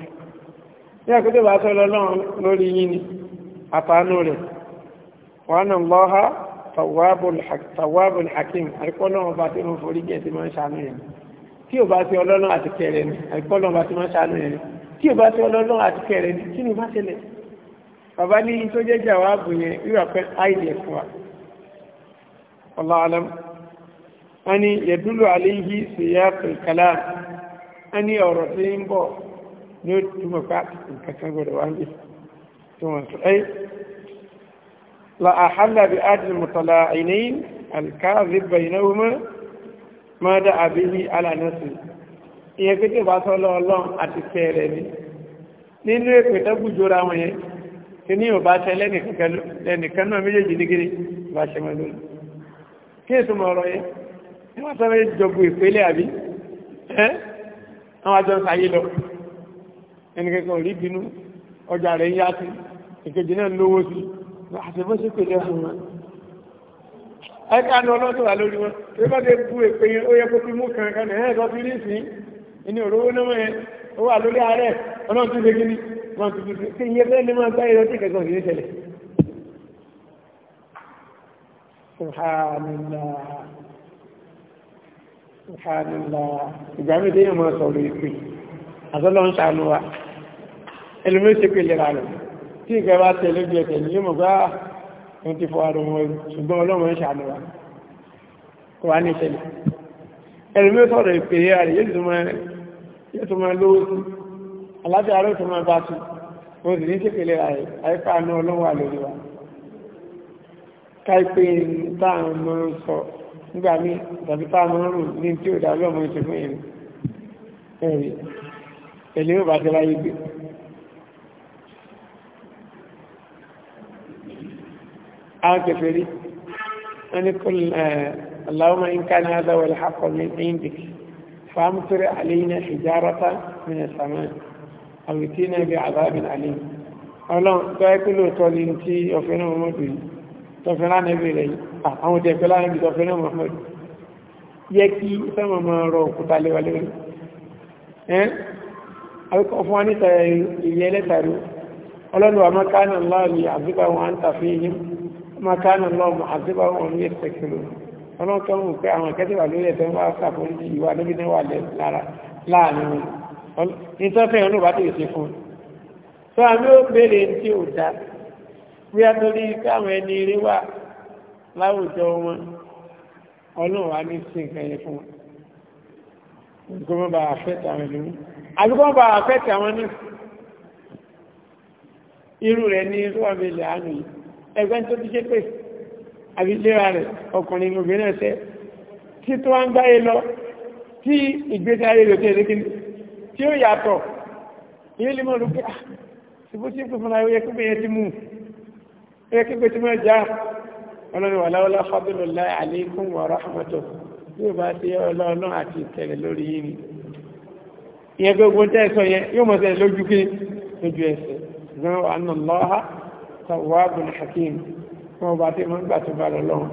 ní àkótó bá sọ lọ́lọ́run lórí yín ni àtàánú rẹ̀ wọ́n lọ́ha tawwabul hakim àríkọ́lọ́ ọba tí wọ́n forí jẹ́ ti máa ń ṣàánú yẹn tí ò bá ti ọlọ́run àti kẹrẹ ni àríkọ́lọ́ ọba ti máa ń ṣàánú yẹn tí ò bá ti ọlọ́run àti kẹrẹ ni kí ni bá ṣẹlẹ̀ bàbá ní tó jẹ́ jàwáàbù yẹn rírà pẹ́ àìdẹ̀ wa wallahu alam ani yadulu alayhi siyaqul kalam ani ọ̀rọ̀ tí ń bọ̀ ní ó túnmọ̀ pé nǹkan kan gbọ́dọ̀ wá ń gbé tí wọ́n sọ ẹ́ la ahalla bi adil mutala'inain alkazib bainahuma ma nínú èpè tẹ́gbùjọra wọn yẹn kí ní ò bá lẹ́nìkan náà méjèèjì nígiri bá ṣe mọ́ lónìí kí ètò mọ̀ ọ̀rọ̀ yẹn ní wọ́n sọ́rọ̀ ìjọgbò ìpele àbí ẹ́ àwọn àjọ ìsàyé lọ ẹnikẹ́kọ̀ọ́ rí bínú ọjà rẹ̀ yá sí ìkejì náà lówó sí àti bó ṣe pèlè fún wọn ẹ̀ka ní ọlọ́dún wà lórí wọn tí wọ́n ti bu èpè ó yẹ kó fi mú kankan ní ẹ̀ẹ́dọ́ fi rí sí inú òróró náà yẹn ó wà lórí ààrẹ ọlọ́run ti ṣe kí ni wọ́n ti fi ṣe kí iye bẹ́ẹ̀ ni máa gbá ìrẹsì kẹsàn-án subhanallah subhanallah ìgbà mi dé ìmọ̀ sọ̀rọ̀ ìpè àtọ́lọ́ ń ṣàánú wa ẹlùmí ṣe pé lera rẹ̀ tí ìgbà bá tẹ̀lé bí ẹ̀tẹ̀ ní mọ̀ bá ń ah, ti fọ́ àrùn wọn ṣùgbọ́n ọlọ́run ń ṣàánú wa kò wá ní ìṣẹ̀lẹ̀ ẹlùmí sọ̀rọ̀ ìpè rẹ̀ yóò tún máa lówó sí alájà arọ́ tó máa bá tún mo sì ní ṣe pé lera rẹ̀ àyíká àánú ọlọ́run wà lórí wa káìpé táwọn mọ́ ń sọ nígbà mí tàbí táwọn rùn ní tí ó dá lọ́mọ ìṣẹ́ fún ìrìn ẹ̀rí ẹ̀lẹ́ ò bá ti láyé gbé àwọn هذا هو من عندك فامطر علينا حجارة من السماء أو ائتنا بعذاب أليم ọlọ́run tó ẹ́kú lóòtọ́ ní tí ọ̀fẹ́ náà mọ́dù yìí tọ́fẹ́rá nẹ́bí rẹ̀ àwọn òtẹ́ pẹ́lá nẹ́bí tọ́fẹ́rá Muhammad yẹ kí sẹ́mọ̀ mọ́ rọ òkúta léwà lórí ẹ́n àwíkọ́ fún wa níta ìyẹ́ ẹlẹ́tàrí ọlọ́nu wa makana Allah ni àzíbà wọn à ń tà fún yìí makana Allah mọ àzíbà wọn ní ẹ̀sẹ̀kìlò ọlọ́run kan mú pé àwọn akẹ́tẹ̀wà lórí ẹ̀fẹ́ wá sàfún ní ìwà níbi náà wà láàrin wọn ní tọ́fẹ́ yẹn ló bá ó béèrè tí ò dáa bí a torí káwọn ẹni eré wà láwùjọ wọn ọlọ́run á ní sí nǹkan yẹn fún wọn nǹkan wọn bá àfẹ́tì àwọn ẹlòmí àbí kọ́ bá àfẹ́tì àwọn náà irú rẹ̀ ní rúwàbí ilẹ̀ àánú yìí ẹgbẹ́ tó ti ṣe pé àbí léra rẹ̀ ọkùnrin obìnrin ẹ̀sẹ̀ tí tó wá ń gbáyé lọ tí ìgbésí ayé rẹ̀ tẹ̀lé kí tí ó yàtọ̀ ilé limọ̀ rú pé ah ṣùgbọ́n tí ó fún yẹ kó bẹ̀yẹ ti mú un ẹ kí gbẹ́tí mọ́ já ọlọ́run wàláwọ́lá fábílọ́lá àlékún wà ráhàmọ́tò yóò bá ti ọlọ́run àti ìtẹ̀lẹ̀ lórí yìí ni ìyẹn gbogbo tẹ́ sọ yẹn yóò mọ̀ sẹ́ lójú kí lójú ẹsẹ̀ ṣùgbọ́n àna lọ́ha tàwábùn hakim wọn bá tí wọ́n gbà tó bá lọ lọ́wọ́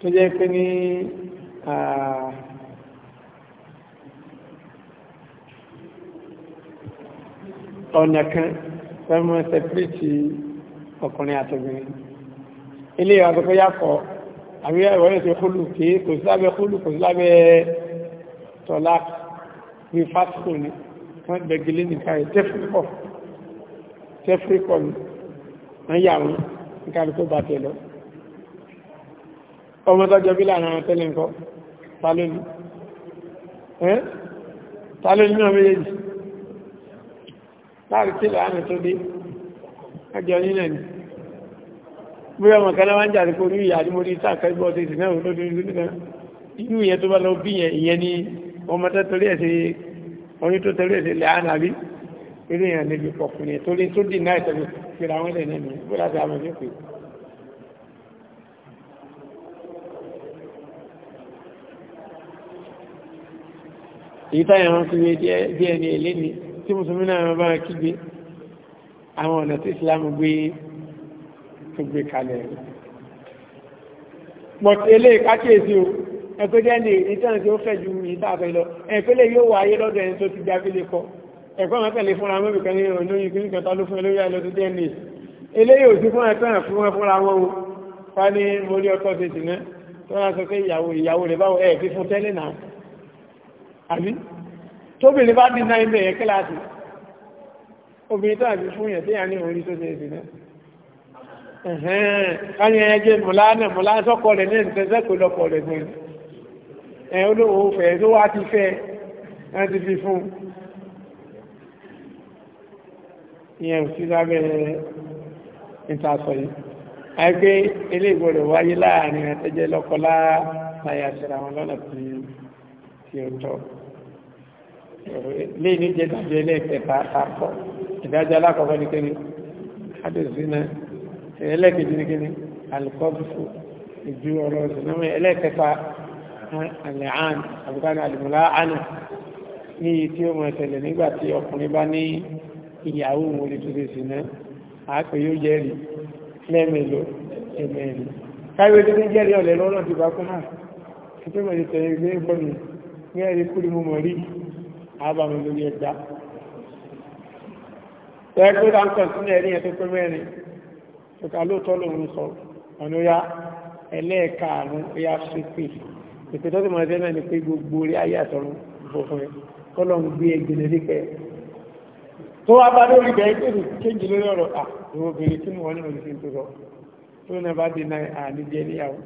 tó jẹ́ pé ní Ah, ọ̀nà kan fẹ́mọ́ sẹ́pẹ́tì ọkùnrin àtọ́gbìnrin ilé ìwà tó kọjá kọ́ àbí ẹ̀wọ̀n ètò kúlù kí kò sí lábẹ́ kúlù kò sí lábẹ́ tọ́lá bí fásitì ni wọ́n gbẹ̀gìlì nìkan rẹ̀ tẹ́fúrikọ̀ tẹ́fúrikọ̀ ni wọ́n yà wọ́n nìkan ló tó bàtẹ̀ lọ ọmọ tọ́jọ́ bí láàrin àwọn tẹ́lẹ̀ nǹkan tàlẹ́lú ẹ́ tàlẹ́lú náà méjèèjì láàrín tí láàánà tó dé ẹjọ́ nílẹ̀ ni bí ọmọ kaná wá ń jà nípo ní ìyá ní mo ní sáàkà ìgbọ́ ti sì náà lódún ìlú nìkan inú ìyẹn tó bá lọ bí ìyẹn ni ọmọ tó torí ẹ̀ sí oyún tó torí èyí táyà wọn fi wé bí ẹni ẹlẹ́ni tí mùsùlùmí náà bá kígbe àwọn ọ̀nà tí Islam gbé tó gbé kalẹ̀ pọ̀tí ilé ìkákèsí o ẹgbẹ́ jẹ́ ní ìtàn tí ó fẹ́ ju ìtàfẹ́ lọ ẹ̀pẹ́lẹ̀ yóò wà ayé lọ́dọ̀ ẹni tó ti gbá fílé kọ ẹ̀kọ́ wọn tẹ̀lé fúnra mẹ́bì kan ní olóyìn kí nìkan tá ló fún olóyìn àlọ́ tó jẹ́ ní eléyìí àbí tóbìnrin bá dín náà ilẹ̀ yẹn kíláàsì obìnrin tó àbí fún yẹn tí yà ní orí tó ṣe èsì náà káyẹ̀ ẹjẹ́ mọ̀lá náà mọ̀lá sọ́kọ̀ rẹ̀ ní ìtẹ́sẹ́ pé lọ́kọ̀ rẹ̀ gbọ́n ẹ̀ olówó fẹ̀ tó wá ti fẹ́ ẹ̀ ti fi fún ìyẹn ò sí lábẹ́ ìtàsọ̀ yìí àìpé ilé ìgbọ̀dọ̀ wáyé láàrin àtẹ́jẹ́ lọ́kọ̀ láàáyà wọn lọ́nà tí ó tọ́ léyìn ní jẹ́ ìdájọ́ ẹlẹ́ẹ̀kẹta àkọ́ ìdájọ́ alákọ̀ọ́kọ́ ní kíni adùsínà ẹlẹ́ẹ̀kejì ní kíni alùkọ́bùsù ìjú ọ̀rọ̀ ìsìnàmọ́ ẹlẹ́ẹ̀kẹta àlẹ́hàn àbúkánì àlùmọ́lá àná ní iye tí ó mọ̀ ẹ̀sẹ̀lẹ̀ nígbà tí ọkùnrin bá ní ìyàwó òun lè tún lè sì ná àápè yóò jẹ́rìí lẹ́mẹ̀lò ẹ̀mẹ̀rì káyọ̀ tí ó jẹ́rìí ọ̀lẹ́ lọ́rọ̀ ti bá kún náà títí mọ̀ ti tẹ̀lé àbàmì lórí ẹgbà ẹgbẹ́ dáńkọ̀ sílẹ̀ ẹ̀rí ẹ̀tọ́ pé mẹ́rin ṣùkà lóòótọ́ lòun sọ ọ̀nà ya ẹlẹ́ẹ̀kaàrún ya ṣépè ìpè tó ti mọ̀ ẹgbẹ́ mẹ́rin pé gbogbo orí ayé àtọ̀run fòfin kọ́lọ̀ ń gbé ẹgbẹ̀lẹ̀ nípẹ́ tó wá bá lórí bẹ̀rẹ̀ pé kéjì lórí ọ̀rọ̀ à ìwọ obìnrin tí mo wọ́n ní òṣìṣẹ́ tó sọ tó náà bá dènà àníjẹ níyàwó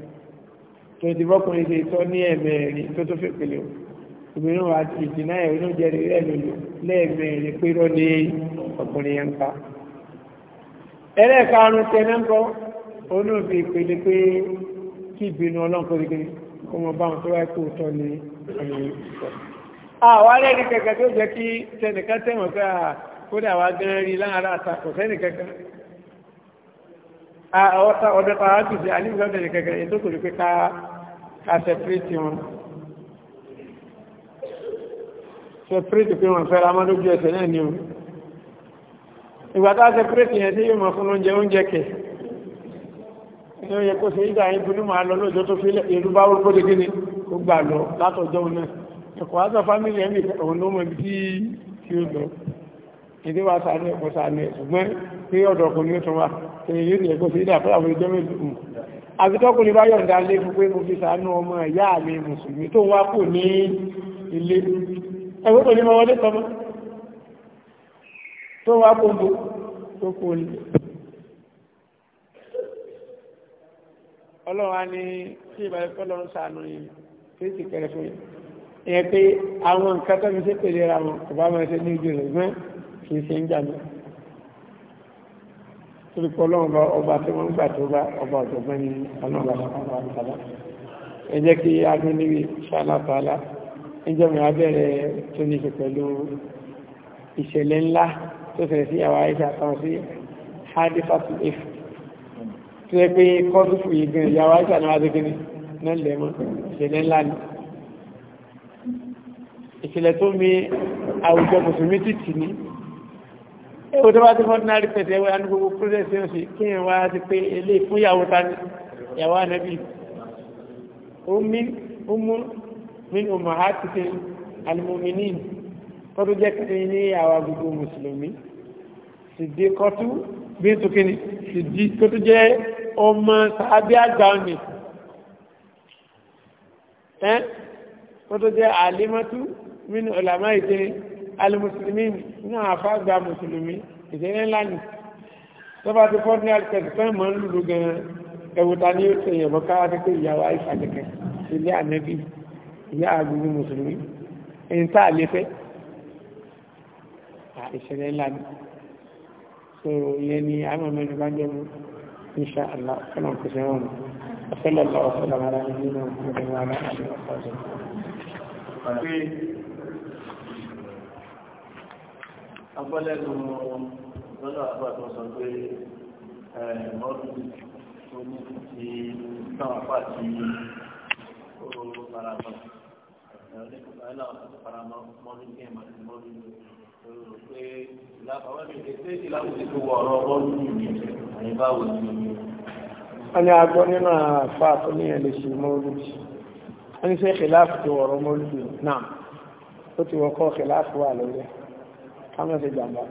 tó ìdìbọ́kùnrin ṣe tọ́ ní ẹ̀mẹ́rin tó tó fẹ́ pẹ̀lẹ́ o obìnrin wa ti ìdìnnà ẹ̀rí ló jẹ́ rẹ̀ lòlò lẹ́ẹ̀mẹrin pé rọ́ ní ọkùnrin yẹn ń pa. ẹlẹ́ẹ̀karùn tẹ́lẹ̀ ń kọ́ olóògbé ìpele pé kí ìbínú ọlọ́nkọ́rígbé kó mọ báwọn tó wáyé kó tọ́ ní ọmọ ìsọ̀. àwọn alẹ́ ní kẹ̀kẹ́ tó jẹ́ kí tẹnìkan tẹ̀wọ̀n pé kódà wá gan rí láàárọ̀ àtakò sẹ́nì kẹ̀kẹ́. ọ̀dọ̀ pàápàá ti ṣe àlífẹ́ ọ̀dọ̀ nìkẹ̀kẹ́ ètò kò ní pé ká ká sẹ́pẹ́rẹ́tì wọn. separate pé wọ́n fẹ́ra mọ́ lójú ẹsẹ̀ náà ni o ìgbà tá separate yẹn tí yóò mọ̀ fún oúnjẹ oúnjẹ kẹ̀ ẹ̀yẹ kó ṣe ìgbà yẹn bunú máa lọ lóòjọ́ tó fi ìlú bá wọ́n kóde gíní ó gbà lọ látọjọ́ náà ẹ̀kọ́ àtọ̀ fámìlì ẹ̀mí òun ló mọ̀ ibi tí tí ó lọ ìdí wa sàánú ẹ̀kọ́ sàánú ẹ̀ ṣùgbọ́n pé ọ̀dọ̀ ọkùnrin ó tún wà èyí yóò ní ẹ̀kọ́ sí ìdá fúlàwọ̀ ìjọ mélòó àti tọ́kùnrin bá yọ̀ǹda lé ẹgbẹ́ kò ní mọ wọlé kọmọ tó wá kóńgó tó kó lè ọlọ́run á ní tí ìbáyé fọlọ́run sànú yìí kí sì kẹrẹ fún yìí ìyẹn pé àwọn nǹkan tó fi ṣe pèlè ra wọn kò bá máa ṣe ní ìjọ rẹ̀ gbọ́n kì í ṣe ń jà náà torípọ̀ ọlọ́run ní ọlọ́run kí adún níbi ṣáláàtàlá níjọba abẹ́rẹ́ tó ní ṣe pẹ̀lú ìṣẹ̀lẹ̀ ńlá tó ṣẹlẹ̀ sí àwọn àìsà kan sí hadifatu if tó yẹ pé kọ́sùfù yìí gan ìyàwó àìsà náà wájú kíní náà lẹ̀ mọ́ ìṣẹ̀lẹ̀ ńlá ni ìṣẹ̀lẹ̀ tó mi àwùjọ mùsùlùmí ti tì ní ẹwọ tó bá ti fọ́n náà min ummahati al-mu'minin tó tó jẹ́ kí ní àwa gbogbo mùsùlùmí Siddiqatu bintu kini sìdí tó tó jẹ́ ọmọ sàábí àgbà mi ẹ́ tó tó jẹ́ alimatu min ulama ìtẹ́ni al-muslimin náà àfáàgbà mùsùlùmí ìtẹ́ni ńlá ni tọ́ba ti fọ́ ní àtẹ̀sí fẹ́ mọ́ ń lù gan ẹ̀wùta ní ó ṣe yẹ̀bọ́ káwá tó ìyá agbègbè mùsùlùmí ẹni tá a lè fẹ́ ìṣẹ̀lẹ̀ ńlá ni so ìyẹn ni àwọn ọmọ ẹni bá jẹ́ mú insha Allah fẹ́ràn kò sí wọn ọ̀sẹ̀lẹ̀ lọ ọ̀sẹ̀lẹ̀ ara ẹni nínú ọmọdé wa láti tó ní ti táwọn pàtí ó parapọ̀ ọ̀lẹ́ ọ̀là fara mọ́rin kí ẹ máa ti mọ́rin lò ó pé ìlàbàwọ́ mi lè ṣe ìlàwọ̀ ètò ọ̀rọ̀ bọ́ọ̀lù mi àyè báwo ni mi. wọ́n ní agbọ́ nínú àfa tó ní ẹ̀ lè ṣe mọ́rin wọ́n ní ṣe kìláàfù tó ọ̀rọ̀ mọ́rin náà ó ti wọ́n kọ́ wà lórí káwọn ṣe jàmbá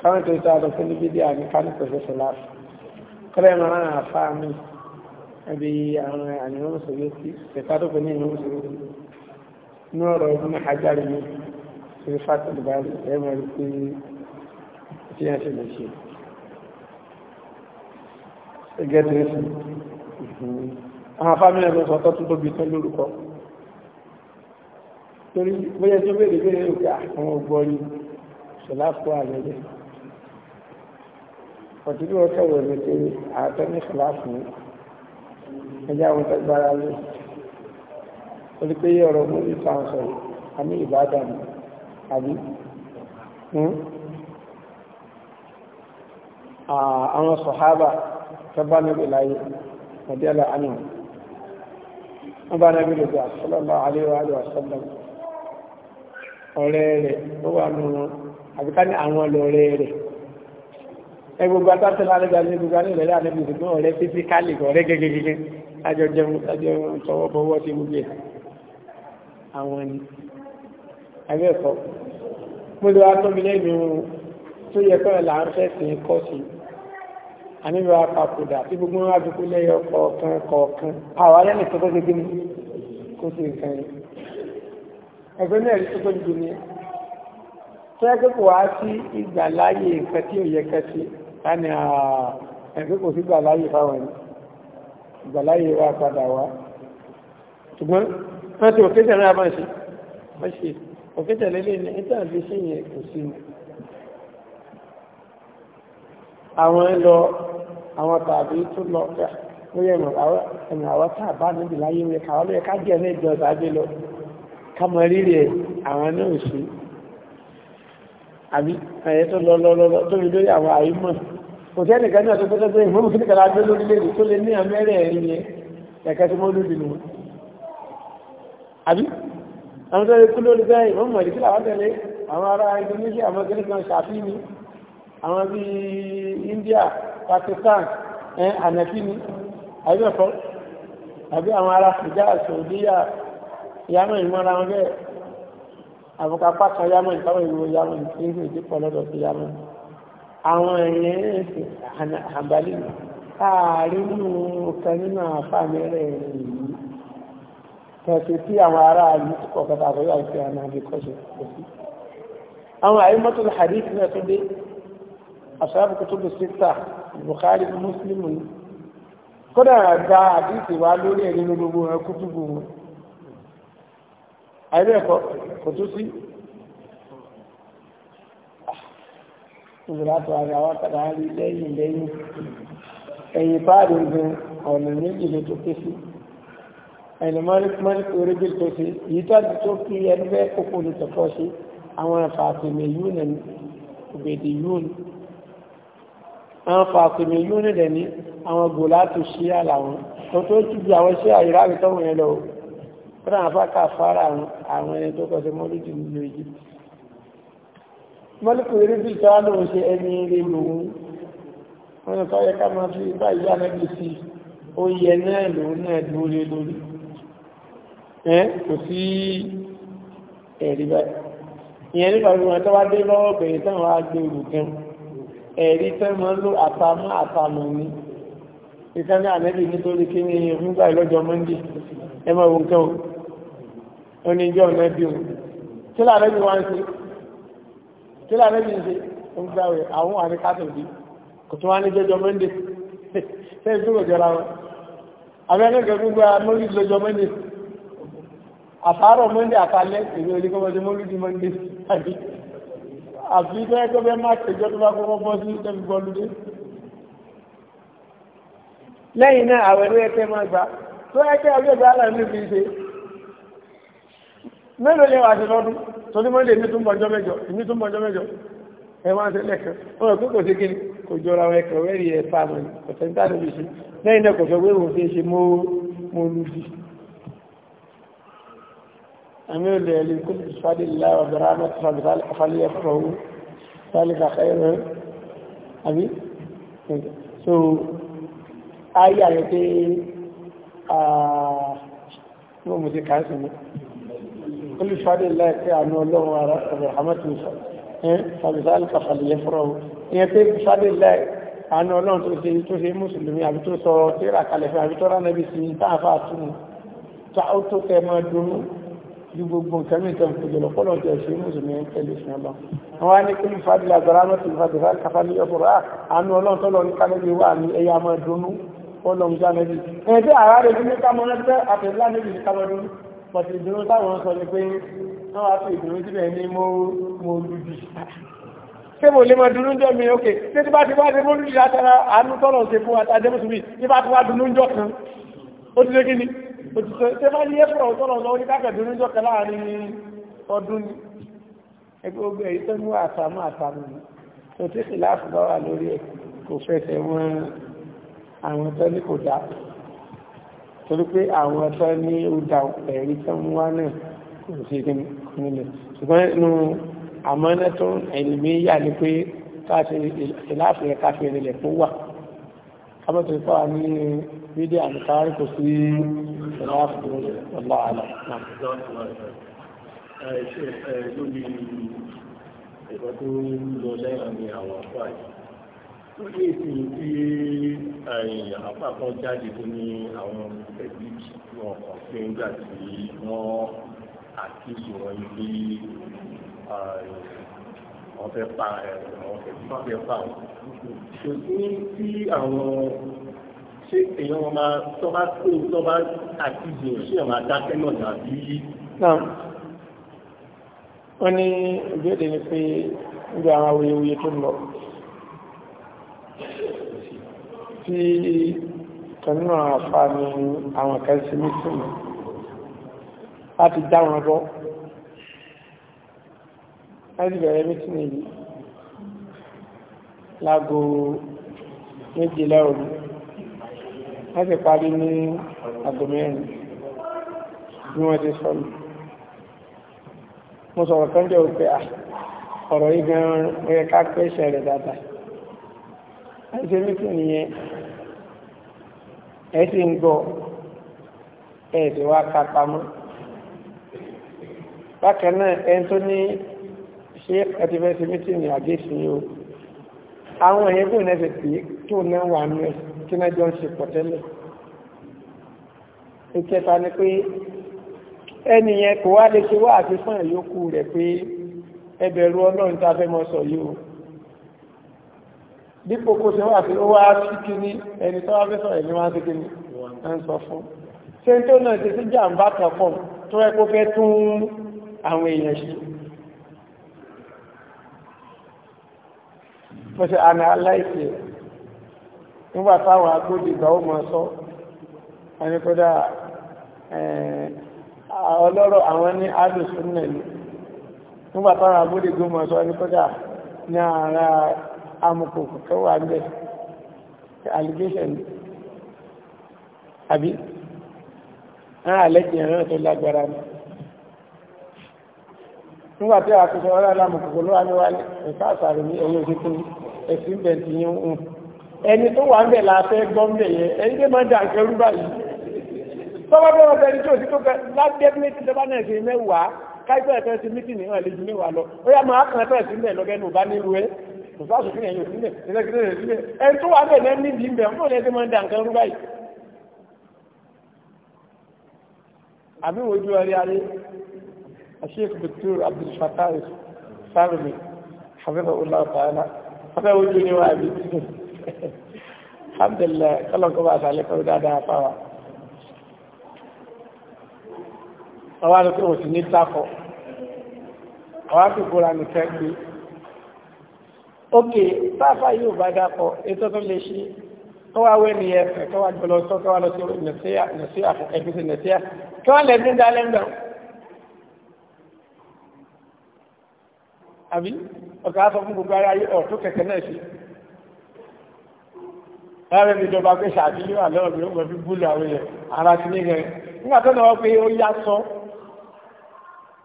káwọn tó ta àdọ́kọ́ níbi díà ní káwọn tó ṣe kìláàfù kọ́lẹ́ ní ọ̀rọ̀ ọdún àjáre ní orí fásitì báyìí ẹ̀mọ̀ rí pé tí a ṣe lè ṣe ẹgẹ́ tí ó sì àwọn fámílì ẹ̀rọ sọ́tọ́ tó tóbi tán lórúkọ torí bóyá tó bèèrè bèèrè òkè àwọn ògbọ́rí ṣọláfọ́ àlẹ́lẹ́ ọ̀tílú ọ̀tọ̀wọ̀ ní pé àtọ́ ní ṣọláfọ́ ẹjá àwọn tẹ́gbára lóṣù torí pé ọ̀rọ̀ mú ìfàǹsọ̀ àmì ìbádàn àbí àwọn sọ̀hábà tọ́bá níbi láyé ọ̀dẹ́lá àmì wọ́n bá nábi lòdì àṣọ́lọ́lá aléwàálù àṣọ́lọ́m ọ̀rẹ́ rẹ̀ ó wà nù wọn àbíká ní àwọn lọ́rẹ́ rẹ̀ ẹgbogbo atásẹ́lá alẹ́gbà ní gbogbo alẹ́ ìrẹ́lẹ́ àdẹ́bìnrin ọ̀rẹ́ fífíkálì ọ̀rẹ́ gẹ́gẹ́gẹ́gẹ́ ajọ jẹun tọwọ́ bọwọ́ sí gbogbo ẹ̀ àwọn ni abẹ́ẹ̀kọ́ mo lè wá tó mi lẹ́nu tó yẹ kọ́ là ń fẹ́sìn kọ́ sí àníbi wa papòdà tí gbogbo wọn adùkú lẹ́yọ kọ̀ọ̀kan kọ̀ọ̀kan àwọn alẹ́ nìkan tó gbégbé ní kó sì nǹkan yìí ẹgbẹ́ náà wa padà wá wọ́n ti òkè tẹ̀lé àbá ṣe wọ́n ṣe òkè tẹ̀lé lé ní ẹ̀tà àti ṣe yẹn kò sí ni. àwọn lọ àwọn tàbí tún lọ ó yẹ ẹ̀mọ̀ àwọn tá a bá níbi láyé rẹ̀ káwọn lóye ká jẹ́ ní ìjọ tàbí lọ ká mọ rírì ẹ̀ àwọn náà ṣe àbí ẹ̀yẹ tó lọ lọ lọ tó fi lórí àwọn àyímọ̀ kò sí ẹnìkan náà tó tẹ́tẹ́ tó ìmọ̀ mọ̀ sí nìkan lábẹ́ lórílẹ̀-èdè tó lé ní amẹ́rẹ̀ ẹ̀yìn yẹn ẹ̀ka tí wọ́n nù àbí àwọn tó lè kú lórí bẹ́ẹ̀ ìmọ̀ mọ̀lì kí làwọn tẹ̀lé àwọn ará Indonesia àwọn kìnnì kan ṣàfihàn àwọn bí India Pakistan ẹ̀ ànàfí ni àbí ẹ̀kọ́ àbí àwọn ará Sùdá Sòdíyà yàmọ̀ ìmọ̀ra wọn bẹ́ẹ̀ àbùkà pàtàkì yàmọ̀ ìtàwọn ìwò yàmọ̀ ìtìlẹ̀ ìdí pọ̀ sí yàmọ̀ àwọn ẹ̀yẹn ẹ̀sìn àbálẹ̀ ààrin nínú kan nínú àfàmì kẹsì tí àwọn ará àlú tí kọ̀ kẹta àkọ́yọ́ àti àwọn àbíkọ́ṣe kò sí. àwọn àyímọ́tò hadith náà tó dé aṣáàbù kutubu sitta bukhari muslim kódà gba hadith wa lórí ẹ̀rí ní gbogbo ẹ̀ kutubu wọn. àyíbẹ̀ẹ̀kọ́ kò tó sí. ìgbìlátọ̀ àrẹ àwọn kàdà lẹ́yìn lẹ́yìn ẹ̀yìn fáàdì gan ọ̀nà méjì ló tó ké sí ẹni malik malik orígil tó ṣe yìí tàbí tó kí ẹni bẹ́ẹ̀ kókó ní tọ́fọ́ ṣe àwọn fàtìmẹ̀ yún ní òbèdè yún àwọn fàtìmẹ̀ yún ní dẹ̀ni àwọn gòlá tó ṣí àlà wọn tó tó tù bí àwọn ṣé àyíká yẹn lọ malik orígil tó wà lóun ṣe ẹni rí lòun wọn ni kọ́ yẹ ká máa fi báyìí yá náà bí ẹ́ kò sí ẹ̀rí báyìí ìyẹn nípa ìwọ̀n ẹ̀ tó wá dé lọ́wọ́ bẹ̀rẹ̀ táwọn wá gbé olùkẹ́ ẹ̀rí tẹ́ mọ́ ló àtàmọ́ àtàmọ́ ni ìtàn ní ànẹ́bì nítorí kí ní ìrúgbà ìlọ́jọ́ mọ́ndì ẹ mọ́ ohun kan ó ní ìjọ ọ̀nà ẹbí òun kí lànẹ́bì wá ń ṣe kí lànẹ́bì ń ṣe ó ń gbàwẹ̀ àwọn àríkàtọ̀ bí kò tún wá ní jọjọ́ mọ́ndì fẹ́ẹ́ tó kò jọra wọn àbẹ́ẹ́nẹ́gẹ̀ẹ́ gbogbo amórí lọ́jọ́ mọ́ndì àtàárọ̀ mọ́ndé àtàlẹ́ ìwé oníkọ́mọdé mọ́lúdí mọ́ndé àbí àbí tó ẹgbẹ́ bẹ́ẹ̀ má tẹjọ́ tó bá kọ́kọ́ bọ́ sí tẹ́bí bọ́lúdé lẹ́yìn náà àwẹ̀ ló yẹ kẹ́ máa gbà tó yẹ kẹ́ ọjọ́ ìgbà aláìní fi ṣe mélòó lè wà sí lọ́dún tó ní mọ́ndé ìmítúnbọ̀jọ́ mẹ́jọ ìmítúnbọ̀jọ́ mẹ́jọ ẹ máa tẹ́lẹ̀ kan wọn kò kò sí kí kò jọra wọn ẹ̀kọ́ wẹ́rì ẹ̀ fáwọn ọ̀tẹ̀ntà níbi ṣe lẹ́yìn náà kò fẹ́ wéwò fi ṣe mọ́ mọ́ lùdì أمير ليلي كل بفضل الله وبرامته فذلك فليفقهوا ذلك خير أبي so ayé àyẹ̀ pé ààrùn mọ̀ sí kàásì mú olùfàdé láìpẹ́ àánú ọlọ́run ara ọ̀rọ̀ hamadu ṣàbìsá alìkàfàlìyẹ fọ́rọ̀ ìyẹn pé fàdé láì àánú ọlọ́run tó ṣe tó ṣe mùsùlùmí àbí tó sọ tíra kalẹ̀ fún àbí tó rán ẹbí sí táàfà túnú tó kẹ mọ́ dunú ju gbogbo nǹkan mi tẹ̀wọ̀n kejì lọ kọ́lọ̀ tẹ̀ ṣe mùsùlùmí ń tẹ̀lé fún ọlọ́ wọn wá ní kí ní fàdílà gbọ́dọ̀ àmọ́ tí fàdílà kàfà ní ọkọ̀ rà àánú ọlọ́run tọ́lọ́ ní kálẹ́bí wà ní ẹ̀yà máa dunnú ọlọ́run já nẹ́bí ẹni tí àrá rẹ̀ ní ká máa tẹ́ àtẹ̀lá nẹ́bí ní kámọ́ dunnú pọ̀tì ìdùnnú táwọn sọ ni pé wọ́n wá fi ìdùnnú síbẹ̀ ní mo mo lùdì ṣé mo lè máa dunnú jọ mi ókè ṣé tí bá ti wá ṣe mo lùdì látara àánú tọ́lọ̀ ṣe fún àtàjẹ́mùsùn mi tí bá ti wá dunnú jọ kan ó ti lé kí òtítọ́ ṣé bá ní april ọ̀tọ́ lọ́wọ́ lọ́wọ́ ní kákẹ́dùn ní jọ́kẹ́ láàrin ọdún ni ẹgbẹ́ ogun èyí tó mú àtàmú àtàmú ni tó tí sì láàfù bá wà lórí ẹ̀ kò fẹsẹ̀ wọn àwọn tó ní kò dá torí pé àwọn tó ní ó dá ẹ̀rí tó mú wá náà kò sí nílẹ̀ ṣùgbọ́n inú àmọ́ná tó ẹ̀lìmí sí الواقع والله أعلم ní àwọn tí àyìn àpá kan jáde tó ní àwọn ẹ̀bí wọn kàn fi ń gbà tí wọ́n àkíyèsí wọn ní wọ́n fẹ́ pa ẹ̀rọ wọ́n fẹ́ pa wọn. ṣòtún tí àwọn ṣé èèyàn wọn máa tó bá pé tó bá àti ìjò ṣé wọn máa náà tàbí yí. wọ́n ní ìbéèrè ni pé níbi àwọn awuyewuye tó lọ tí kanú àfa ni àwọn kan ṣe ní fún mi láti dá wọn bọ́ láti bẹ̀rẹ̀ mítìnì yìí láago méjìlá òru wọ́n sì parí ní agbomẹ́rin bí wọ́n ti sọ́lù mo sọ̀rọ̀ kan jẹ́ òpé à ah, ọ̀rọ̀ yìí gan ẹ̀yẹ ká pé iṣẹ́ rẹ̀ dáadáa àìsí mítì nìyẹn ẹ̀ sì ń gbọ́ ẹ̀ sì wá ká pamọ́ bákan náà ẹni tó ní ṣe pé kí náà jọ ń ṣe pọ̀ tẹ́lẹ̀ ìkẹta ni pé ẹni yẹn kò wá lè ṣe wá àti fún ìyókù rẹ̀ pé ẹbẹ̀rù ọlọ́run tá a fẹ́ mọ sọ yìí o dípò kó ṣe wà sí ó wá sí kíní ẹni tó wá fẹ́ sọ ẹni wá sí kíní ẹ ń sọ fún ṣé tó náà ṣe sí jàǹbá kan fún tó ẹ kó fẹ́ tún àwọn èèyàn ṣe mo ṣe àmì aláìsí rẹ̀ nígbà táwọn agbódìgbà ó máa sọ ẹni kó dáa ọlọ́rọ̀ àwọn ní alùsùn nẹ̀lú nígbà táwọn agbódìgbà ó máa sọ ẹni kó dáa ní ara amukòkò tó wà ń allegation àbí àwọn àlẹ́kìn ẹ̀rọ tó lágbára ni nígbàtí àkùsọ̀ ọlọ́lá mọ̀kòkò ló wà ní wálé ẹ̀ká àṣàrò ní ẹ̀yìn òṣèkú ẹ̀sìn bẹ̀ntì yín ń ẹni tó wà ń bẹ̀ láàfẹ́ gbọ́m̀bẹ̀ yẹ ẹni tó máa ń dà nǹkan rúbà yìí tọ́wọ́ bẹ́ẹ̀ wọ́n bẹ̀rẹ̀ tó ti tó bẹ́ẹ̀ láti dẹ́bílẹ́tì tẹ́bá náà ṣe mẹ́wàá káìpẹ́ ẹ̀fẹ́ ti mítì ní ọ̀lẹ́ ju mẹ́wàá lọ ó yà máa kàn fẹ́ẹ̀ sílẹ̀ lọ́gẹ́ ní ọba nílùú ẹ kò sá sùn fúnyẹ̀yìn òsílẹ̀ ẹni tó wà bẹ̀ náà níbi ń bẹ̀ ń fún ẹni máa ń dà nǹkan rúbà yìí. àbí wo ju ọrẹ ayé Sheikh Dr. Abdul Fattah Sarumi hafizahu Allah ta'ala afẹ́ wo ju ni wọ́n alhamdulillah kọ́lọ̀ kọ́ bá sàlẹ̀ kọ́ dáadáa fáwa àwọn àti kò sí ní tákọ̀ àwọn àti kóra nìkan gbé ókè sáfà yóò bá dápọ̀ ètò tó lè ṣe kọ́wá wé ni ẹ̀fẹ̀ kọ́wá gbọ́lọ sọ kọ́wá lọ sí nàṣíà fún ẹ̀fíṣẹ́ nàṣíà kọ́wá lẹ̀ ní dalẹ́ ń bẹ̀ àbí ọ̀gá sọ fún gbogbo ara yìí ọ̀tún kẹ̀kẹ́ náà sí láàrin ìjọba pé ṣàdílé wà lọ́rọ̀ mi ó mọ̀ fi búlù àwọn èèyàn ara ti ní rẹ̀ nígbà tó náà pé ó yá sọ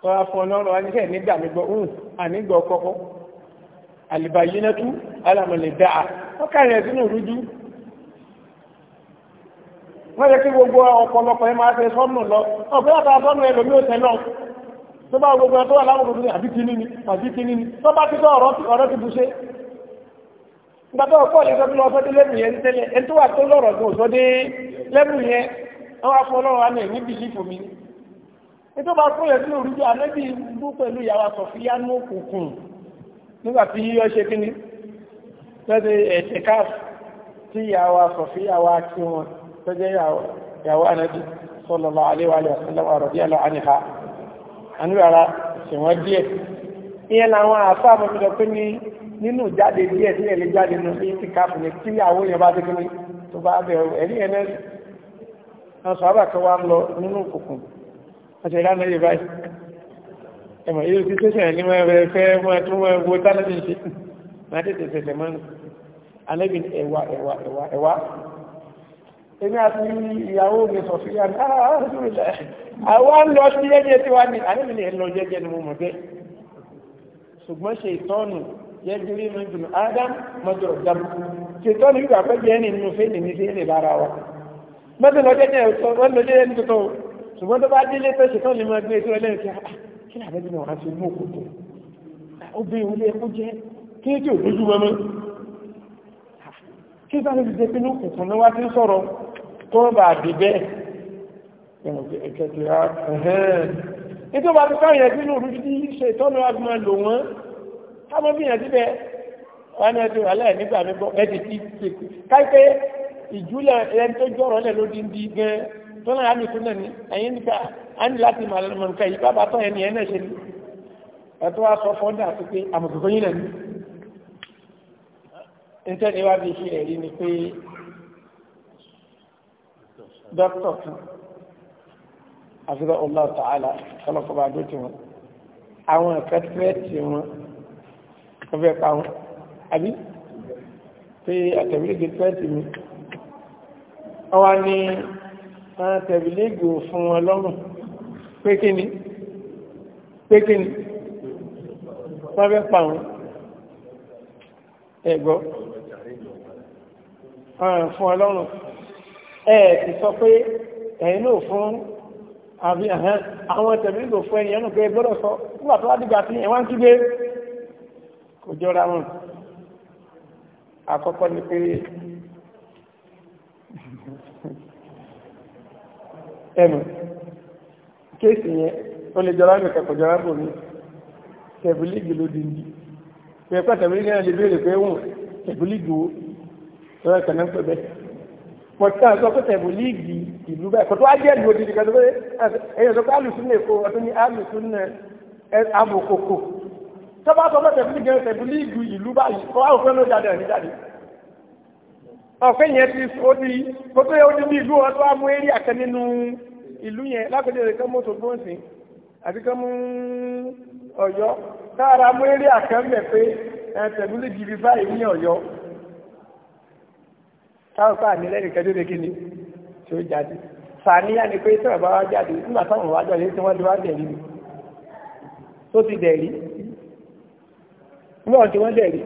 tọ́ra fún ọlọ́rọ̀ wá níṣẹ́ nígbà mi gbọ́ òun ànígbà ọkọ̀kọ́ àlìbàyí náà tú alàmọ̀lẹ̀ dáa wọ́n kàrin ẹ̀sìn òrújú wọ́n yẹ kí gbogbo ọ̀pọ̀lọpọ̀ ẹ máa fẹ́ sọ́nù lọ ọ̀pẹ́ àtàwọn sọ́nù ẹlòmí òtẹ́ náà tó bá gbogbo ẹ tó wà láwọn òdòdó àbí kíní ni àbí kíní ni tó bá ti tọ́ ọ̀rọ̀ ti bù ṣe gbàtọ́ ọ̀pọ̀ lè sọ pé lọ́wọ́ sọ́dé lẹ́nu yẹn tẹ́lẹ̀ ẹni tó wà tó lọ́rọ̀ gan sọ́dé lẹ́nu yẹn wọ́n wá fún ọlọ́run àná ẹ̀mí bìlí fún mi ètò bá fún yẹn sínú rúdú ànábì bú pẹ̀lú ìyàwó àsọ̀fíà ní òkùnkùn nígbà tí yíyọ ṣe kíní lọ́dẹ ẹ̀sẹ̀ káf tí ìyàwó àsọ̀fíà wá kí wọn tọ́jẹ́ ìyàwó ànábì sallallahu alaihi wa sallam radiyallahu anha àníbàárà ṣèwọ́n díẹ̀ ìyẹn làwọn àfáà mọ́mí lọ pé ní nínú jáde díẹ̀ tí ẹ̀ lè jáde nù ní ti káàpù ní tí àwọn èèyàn bá dé kí tó bá bẹ̀rù ẹ̀rí ẹ̀ lẹ́rìí wọn sọ àbàkẹ́ wa ń lọ nínú òkùnkùn wọn ti rán lẹ́yìn báyìí ẹ̀mọ̀ yìí ti tẹ̀sẹ̀ ní wọn rẹ̀ fẹ́ wọn tún wọn wo tálẹ́bì ṣe wọn tètè tẹ̀sẹ̀ mọ́ alẹ́bì ẹ̀wà ẹ̀wà ẹ̀wà ẹ̀wà èmi àti ìyàwó mi sọ sí yá ní àwọn ń lọ sí jẹ́jẹ́ tiwa ní alẹ́bì ni ẹ̀ lọ jẹ́jẹ́ ni mo mọ̀ bẹ́ẹ̀ ṣùgbọ́n ṣe ìtọ́nù yẹjúrí mi dùn ádám mọ́tò dam ṣètò ní ìgbà pẹ́ jẹ́ nínú fèlè ní fèlè lára wa mọ́tò lọ́jọ́ jẹ́ ọ̀tọ̀ wọ́n lọ jẹ́ ẹni tuntun ṣùgbọ́n tó bá délé pé ṣètò ní máa gbé ètò e ẹlẹ́yìn kí á kí ni àbẹ́bí náà wá sí mú òkòtò obìnrin olè ẹkú jẹ́ kí ní tí ò lójú mọ́mọ́ kí bá lóbi jẹ́ pínú kùkùn ní wá sí sọ̀rọ̀ tó ń bà dé bẹ́ẹ̀ ẹ̀kẹ́kẹ́ kámọ́ gbìyànjú bẹ́ẹ̀ wọn náà dùn aláì nígbà mi gbọ́ bẹ́ẹ̀ ti ti tèkù káyipẹ́ ìjúlẹ̀ ẹni tó jọ̀rọ̀ lẹ̀ ló dín dín gan tó náà á nìkú náà ni ẹ̀yin nípa á ní láti mọ̀ àlọ́ nǹkan yìí bábà tọ́ ẹni ẹ̀nà ṣe ni ẹ̀tọ́ wa sọ fọ́ńdà àti pé àmọ̀kòkò yín náà ni. nítorí wá bí ṣe ẹ̀rí ni pé dókítà kan àfikún ọlọ́ọ̀tà àlà kọ́lọ́kọ́ bá dó tiwọn àwọn ẹ̀kẹ́ tiwọn wọ́n fẹ́ pa wọn àbí pé àtẹ̀wélégbé twenty mi ọwá ní àtẹ̀wélégbé fún wọn lọ́rùn pé kí ni pé kí ni wọ́n fẹ́ pa wọn ẹ̀gbọ́ fún wọn lọ́rùn ẹ̀ ti sọ pé ẹ̀yin náà fún àwọn àtẹ̀wélégbé fún ẹni ẹnu pé gbọ́dọ̀ sọ nígbà tó wá dìgbà sí ẹ̀wọ̀n kígbe kò jọra wọn àkọ́kọ́ ni pé ẹnu kéèsì yẹn ó lè jọra nìkan kò jọra bò ní tẹ̀bílígì ló dìndí pé ẹ̀pẹ́ tẹ̀bílígì náà lè béèrè pé wọ́n tẹ̀bílígì wo lọ́wọ́ ìkànnì ń pè bẹ́ẹ̀ pọ̀tà sọ pé tẹ̀bílígì ìlú bẹ́ẹ̀ kò tó á jẹ́ ìlú òdìdí kan tó pé ẹ̀yìn sọ pé alùsùn lè kó ọdún ní alùsùn náà àbòkòkò tọ́ba sọ mẹ́tẹ̀ fún gẹ̀ẹ́sẹ̀ ìlú líìgù ìlú báyìí kọ́ àwọn òfin ló jáde ẹ̀rí jáde ọ̀fẹ́ yẹn ti ó di gbogbo yẹn ó di bí ìlú wọn tó wá mú eré àkẹ́ nínú ìlú yẹn lápẹjọ rẹ̀ kán mọ́tò gbọ́nsìn àti kán mú ọ̀yọ́ tára mú eré àkẹ́ mẹ́ pé ẹ̀sẹ̀ ìlú líìgù ìlú báyìí ní ọ̀yọ́ táwọn fáà ní lẹ́yìn kẹjọ́ lè kíni tí ó jáde sàníyà ni pé tí wọ́n bá wá jáde nígbà táwọn tó ti dẹ̀rí níwọ̀n tí wọ́n dẹ̀ rí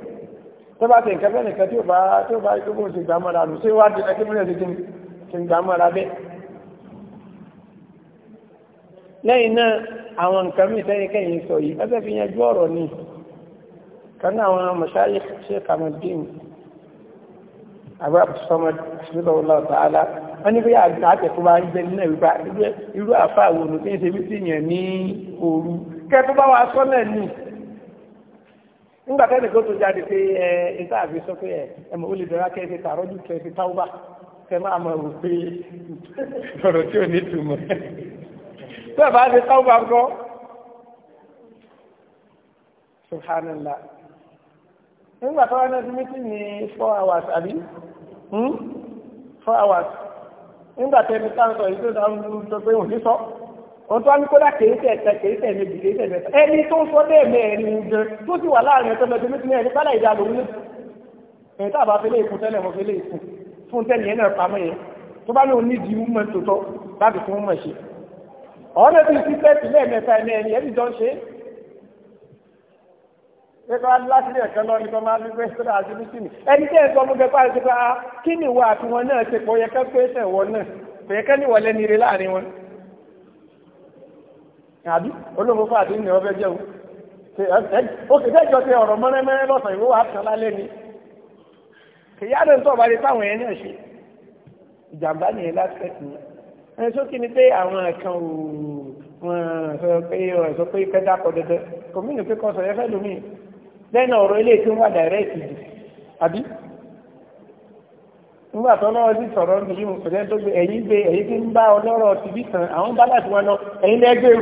tó bá ti nǹkan fẹ́ẹ̀ nìkan tí ó bá tí ó bá rí gbogbo ṣe gbàmọ́ra nù sí wádìí ẹgbẹ́ mílẹ̀ tuntun ṣe gbàmọ́ra bẹ́ẹ̀. lẹ́yìn náà àwọn nǹkan mí sẹ́yìn sọ yìí ẹgbẹ́ fi yanjú ọ̀rọ̀ ni kan àwọn mọ̀ṣáyé ṣe kàmọ́dín àbúrò àbùsọ́mọ́ àṣìlọ́wọ́lọ́ tààlà wọ́n ní bóyá àtẹ̀kọ́ bá ń jẹ́ nínú ìgbà irú àfáà wo ló ti ń ṣe mí nígbà tẹ́lẹ̀ kó tó jáde pé ẹ ìta àfi sọ pé ẹ ẹ mọ̀ olùdọ́ra kẹ́ ẹ ti tààrọ́ jù kẹ́ ẹ ti táwọ́ bá kẹ́ máa mọ̀ wò pé ọ̀rọ̀ tí ò ní túmọ̀ tó ẹ̀ bá ti táwọ́ bá kọ́ subhanallah nígbà tó wọn ti mítí ní four hours àbí hmm? four hours nígbà tẹ́lẹ̀ táwọn sọ yìí tó dáhùn tó pé òun ní sọ wọ́n tó wá ní kódà kèéfẹ́ ẹ̀ta kèéfẹ́ méjì kèéfẹ́ mẹ́ta ẹni tó ń sọ bẹ́ẹ̀ mẹ́rin gan tó sì wà láàrin ẹ̀tọ́ mẹ́ta méjì mẹ́rin kálá ìdá lòun ní ẹ̀ tá a bá fẹ́lẹ́ ìkún tẹ́lẹ̀ mọ́ fẹ́lẹ́ ìkún fún tẹ́lẹ̀ yẹn náà pamọ́ yẹn tó bá lóun nídìí mọ́ tòótọ́ láti fún mọ̀ ṣe ọ̀hún lè fi sípẹ́ sílẹ̀ mẹ́ta ẹni ẹni ẹni jọ ń ṣe nípa lásìlẹ̀ ẹ̀kẹ́ lọ nípa máa fi pẹ́sẹ́ náà àti bísíìnì ẹni tẹ́ ẹ̀ sọ mú bẹ́ẹ̀ pàṣẹ pé ah, kí ni ìwọ àti wọn náà ṣe pọ̀ yẹ kẹ́ pẹ́sẹ̀ wọn náà pẹ̀yẹ kẹ́ níwọ̀lẹ́ni rẹ láàrin wọn àbí olóòfófó àti ní ọ̀fẹ́ jẹun òkè tẹ́jọ ti ọ̀rọ̀ mọ́rẹ́mẹ́rẹ́ lọ́sàn ìwé wa kan lálẹ́ ni kìyàdé ń tọ́ba lè táwọn ẹni ọ̀ṣẹ́ ìjàmbá nìyẹn lásìkò yẹn ẹni tó kí ni pé àwọn ẹ̀kan ò wọ́n sọ pé ọ̀rọ̀ sọ pé kẹ́dá kọ dẹ́dẹ́ kòmínú pé kọ́ sọ yẹn fẹ́ lómi lẹ́nu ọ̀rọ̀ ilé tí ń wà dàrẹ́ẹ̀tì jù àbí nígbà tó lọ́wọ́ sí sọ̀rọ̀ nìyí mo pẹ̀lẹ́ tó gbé ẹ̀yìn gbé ẹ̀yìn tí ń bá ọlọ́rọ̀ tìbí kan àwọn bá láti wọn lọ ẹ̀yìn lẹ́gbẹ̀rù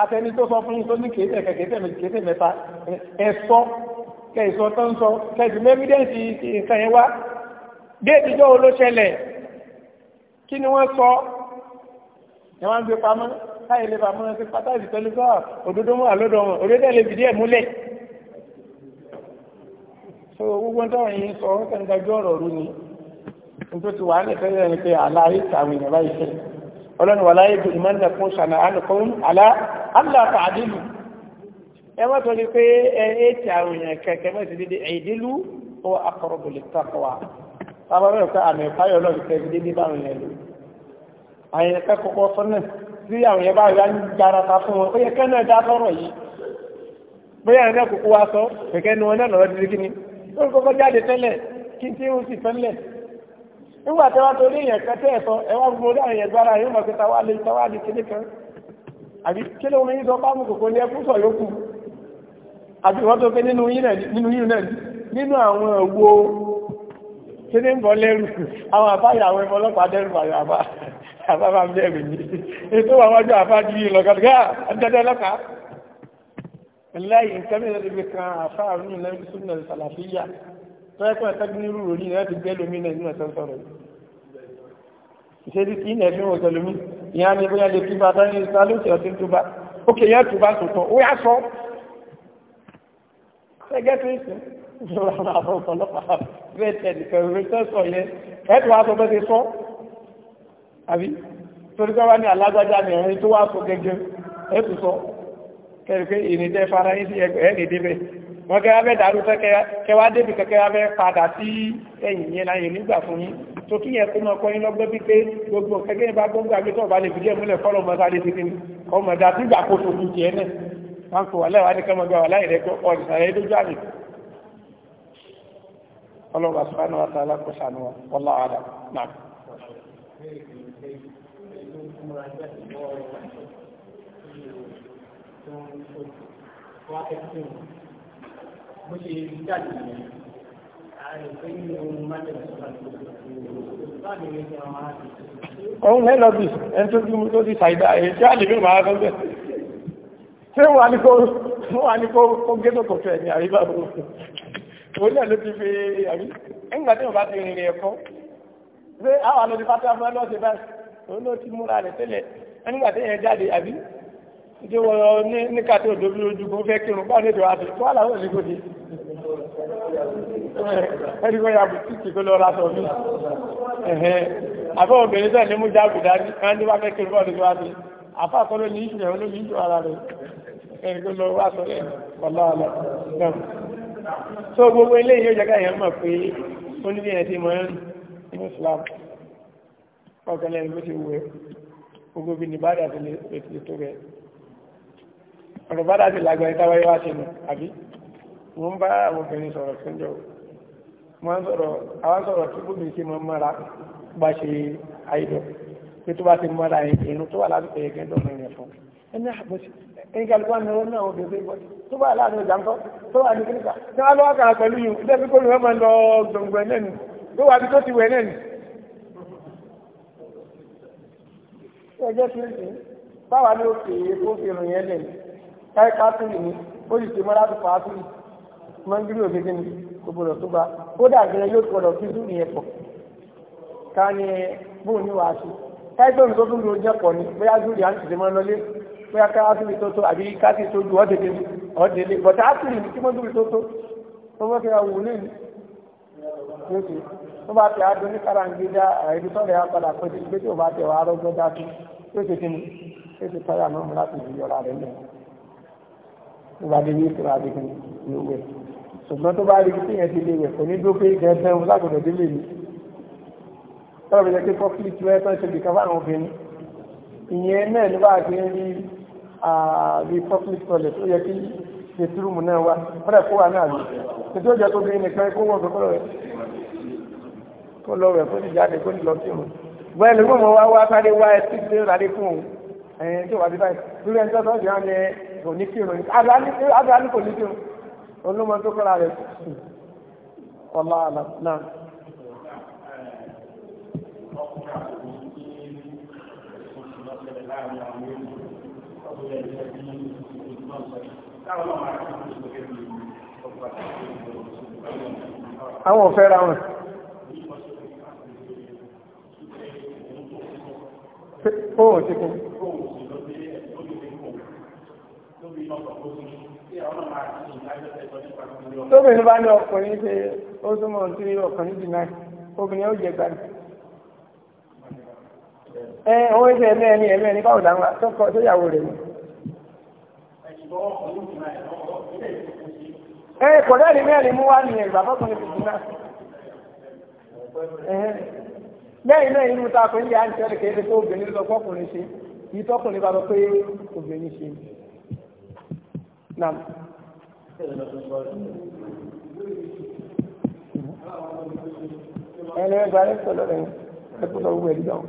afẹni tó sọ fún yín tó ní kéèké kéèké méjì kéèké mẹ́ta ẹ̀sọ́ kẹ̀sọ́ tó ń sọ kẹ̀sì mẹ́fídẹ́ǹsì nǹkan yẹn wá déètì jọ́ wo ló ṣẹlẹ̀ kí ni wọ́n sọ ni wọ́n gbé pamọ́ káyé lè pamọ́ sí pátákì tó lè sọ òdodo mú àlódò wọn òdodo lè fìdí ẹ̀ múlẹ̀ so gbogbo ń tọ́wọ̀ yín sọ wọ́n kàn dájú ọ̀rọ̀ rú ni nítorí ti wà á lè fẹ́rẹ̀ ni pé àlá ayé tàwìn ìrọ̀ ìfẹ́ ọlọ́run wà láyé ìmọ̀ nígbà fún ṣànà àlùkọ́ àlá allah ta'dilu ẹ má torí pé ẹ ẹ ti àwọn èèyàn kẹkẹ mọ́ ìsìdídé i'dilu huwa aqrabu lit-taqwa bàbá bẹ́ẹ̀ pé àmì ìpáyọ̀ lọ́dún tẹ̀ ìdídé báwọn yẹn lò àwọn yẹn kẹ́kọ̀ọ́ pọ̀ fún náà tí àwọn yẹn bá rí agbára ta fún wọn ó yẹ kẹ́nu ẹ̀dá sọ̀rọ̀ yìí bóyá ẹ̀dá kúkú wa sọ kẹ̀kẹ́ ni wọn náà lọ́rọ́ dídí kíni ó ń kọ́kọ́ jáde tẹ́lẹ̀ wọ́n torí èèyàn kẹtẹ́ ẹ̀sọ́ ẹ̀wọ́n gbogbo àwọn yẹn gbára mọ̀ pé tàwa lè tàwa lè kíní àbí kílò omi yíso pàmù kòkó ní ẹkú sọ yókù àbí wọ́n tó pé nínú yìí náà nínú àwọn owó tí ní ń bọ́ lẹ́rù àwọn àbáyà àwọn ẹmọ ọlọ́pàá dẹ́rù àbá àbá bẹ́ẹ̀rù ní ètò àwọn ọjọ́ àbá ju yìí lọ́gàdùgá àdẹ́dẹ́ ọlọ́pàá láì nǹkan mìíràn ti fi kan àfá àrùn ní lẹ́rù súnmọ́ sàlàfíyà tó ẹ̀kọ́ ẹ̀tẹ́gbẹ́ nírú rò ní láti gbẹ́ lómi náà nínú ẹ̀sẹ̀ sọ̀rọ̀ ìṣèlú kí ní ẹ̀fín òṣèlú mi ìyá ni bóyá lè túbà bá ní ìsá lóṣè ọdún túbà ókè yẹn túbà sòtọ ó yà sọ ẹgẹ tó ń sìn ìjọba àwọn àwọn ọlọ́pàá bẹ́ẹ̀ tẹ nìkan ìwé sẹsọ yẹn ẹtù wa sọ bẹ́ẹ̀ ti sọ àbí torí pé wá ní alágbájá ni ẹni tó wá sọ gẹ́gẹ́ ẹtù sí ẹgbẹ ẹni débẹ̀ wọn kẹ wá fẹ́ fẹ́ kẹ wá débi kẹkẹ padà sí ẹ̀yìn yẹn láyé nígbà fún yín tó kí yẹn kó máa kọ́ yín lọ́gbọ́n pípé gbogbo kẹ́kẹ́ bá gbogbo àgbẹ̀tọ̀ ọba lè fi díẹ̀ múlẹ̀ fọ́lọ́ ọmọ sáré ti kíni ọmọ ẹ̀dá tí gbà kó tó kú tiẹ̀ náà wọn kò wà láìwá ní kẹ́mọ́ gbà wà láì rẹ̀ kó ọ̀ ìsàlẹ̀ lójú ọlọ́wà sọ́nà wa tààlà kó sànù wa wọ́lá àdá náà. Wọ́n á òun lẹ́lọ bí ẹni tó dúró tó di ṣàìdá èyí á lè bí màá sọ bẹ́ẹ̀ ṣé wà ní kó wà ní kó gẹ́tò kò fẹ́ ní àríbá òun náà ló ti fi àrí ẹ̀ǹgbà tí wọ́n bá ti rìnrìn ẹ̀kọ́ ṣé àwọn àlọ́ ti pátá fún ẹ lọ́sẹ̀ báyìí òun ló ti múra rẹ̀ tẹ́lẹ̀ ẹ̀ǹgbà tí yẹn jáde àbí ṣé wọ́n ní níkàtí òdòdó lójú kó fẹ́ kírun báwọn ètò àti ẹni kọ́ ya bù títì kó lọ́ra sọ mí àbọ̀ obìnrin tẹ̀ ní mú jáàbù dání ẹni wá fẹ́ kiri bọ́ọ̀lù wá sí àfa kọ́lọ́ ní ìṣù ẹ̀wọ́n lómi ìṣù ara rẹ̀ ẹni kó lọ wá sọ rẹ̀ ọ̀la ọ̀la náà. so gbogbo eléyìí ó jẹ́ káyọ̀ mọ̀ pé ó ní bí ẹ̀ ti mọ̀ ẹ́ nínú Islam ọ̀kan lẹ́nu bó ti wù ẹ́ gbogbo bí ní bàdà ti lè tó rẹ̀ ọ̀rọ̀ bàdà ti làgbà ìtawáyé wá sí ni àbí mo ń bá àwọn obìnrin sọ̀rọ̀ tó ń jọ wọ́n sọ̀rọ̀ àwọn sọ̀rọ̀ tí gómìnà sí mọ́ mọ́ra bá ṣe àìdọ̀ pé tó bá ti mọ́ra ìrún tó wà lásìkò yẹ gẹ́gẹ́ dọ̀mọ̀ yẹn fún ẹni àbọ̀sí ẹni kálukú àmì ọ̀rọ̀ náà obìnrin bọ́ tó bá láàrin ìjà ń kọ́ tó wà ní kíríkà ní wọ́n lọ́wọ́ kàrà pẹ̀lú yìí ilé fi kólú mẹ́mọ́ lọ gbọ̀ngbọ̀n náà nù tó wà bí tó ti wẹ̀ náà nù. ẹjẹ́ kìrìsì báwa ló fi kó fi rìn yẹn lẹ̀ ní káyíká tún nìyí ó sì ti mọ́ra tó fà á tún nìyí mọ́ngírì òfin kí ni kò gbọdọ̀ tó bá kódà gẹ́gẹ́ yóò gbọdọ̀ kí sùn yẹn pọ̀ ká ní bóun ní wàá sí táìpẹ́ òun tó tún lò jẹ́ pọ̀ ni bóyá júlì á ń tètè mọ́ lọlé bóyá ká ásìlì tó tó àbí ká sì tó ju ọ̀dẹ̀dẹ̀ ọ̀dẹ̀dẹ̀ bọ̀tà ásìlì ní kí mọ́ júlì tó tó tó wọ́n fi àwò lé ní yóò ṣe tó bá tẹ adó ní kárangídá àìrí sọ́rẹ̀ á padà pé ṣùgbọ́n tó bá rí kí yẹn ti lè wẹ̀ kò ní dúró pé gẹ̀ẹ́sẹ̀ ń lágbọ̀dọ̀ délé mi tọ́rọ bí jẹ́ pé kọ́kílì tí wọ́n ṣe bìkan fáwọn obìnrin ìyẹn náà ní báà ti ń rí àbí kọ́kílì tọ́lẹ̀ tó yẹ kí ṣètúrùmù náà wá fúnra kó wà náà lò tètè ó jẹ́ tó bìnrin nìkan kó wọ́n kọ́ lọ́wẹ̀ kó lọ́wẹ̀ kó ti jáde kó ti lọ sí òun bẹ́ẹ̀ ló mọ̀ wá wá sáré wá ẹ tí ṣe rárá fún òun ẹ̀yìn tó wà sí báyìí olómọ tó kọ́ra rẹ̀ sùn ọ̀la àlà náà. àwọn ò fẹ́ wọn. ó ò ti kún. tóbìnrin bá ní ọkùnrin ṣe ó súnmọ́ tí ọkùnrin dì náà obìnrin ó jẹ gbàgbé. ẹ òun ṣe ẹmẹ ẹni ẹmẹ ẹni báwo dáhùn àtọkọ tó yàwó rẹ ni. ẹ kọ̀dọ̀ ẹni mẹ́rin mú wá nìyẹn ìgbà fọkùnrin tuntun náà. lẹ́yìn náà inú ta kò ń yà á ń tẹ́lẹ̀ kéde tó obìnrin lọ fọkùnrin ṣe kì bá lọ pé obìnrin ṣe. Nam. Ẹni ẹgbẹ́ ayé sọ̀rọ̀ rẹ̀ ẹkú lọ wúwo ẹ̀dígbà wọn.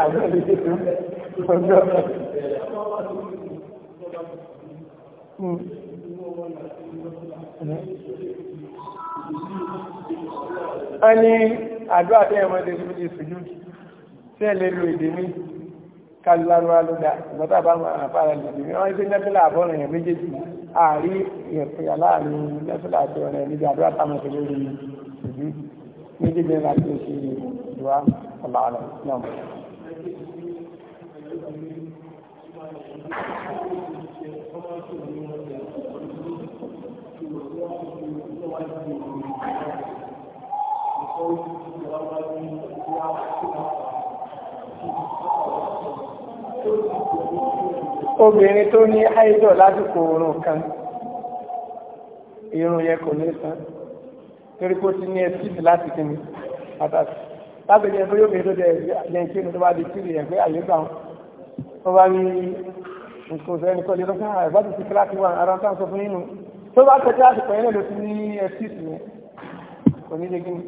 Àbí ẹ̀dí ti tún ọjọ́ rẹ̀. Ẹni àdó àti ẹ̀mọ́ ẹ̀dẹ́ ti fi ṣe sùjú. Ṣé lè lo èdè mi? kálíláruwá ló dá ìgbọ́tà bá máa àfáàrà lè dì wọ́n ṣe nẹ́fílà àbọ̀rọ̀ èèyàn méjèèjì àárí ìyẹ̀pẹ̀yà láàrin nẹ́fílà àti ọ̀rẹ́ níbi àdúrà táwọn ṣe lórí ìlú méjèèjì láti ṣe ìdúrà ọ̀làrà náà. Thank you. obìnrin tó ní àìdọ̀ lásìkò oorun kan irun yẹ kò ní san torí kó ti ní ẹsìtì láti kíni pàtàkì lábẹ́ jẹ́ pé yóò bèèrè tó dẹ̀ jẹ́ tó bá di tìrì yẹn pé àyè gbà wọn ó bá ní nǹkan ọ̀sẹ̀ ẹnì kan lè lọ́kàn àìbá ah, ti ti kíláàsì wà ara tá à ń sọ fún yín nù tó bá tẹ̀sí àsìkò yẹn lè sí ní ẹsìtì yẹn kò ní lè kíni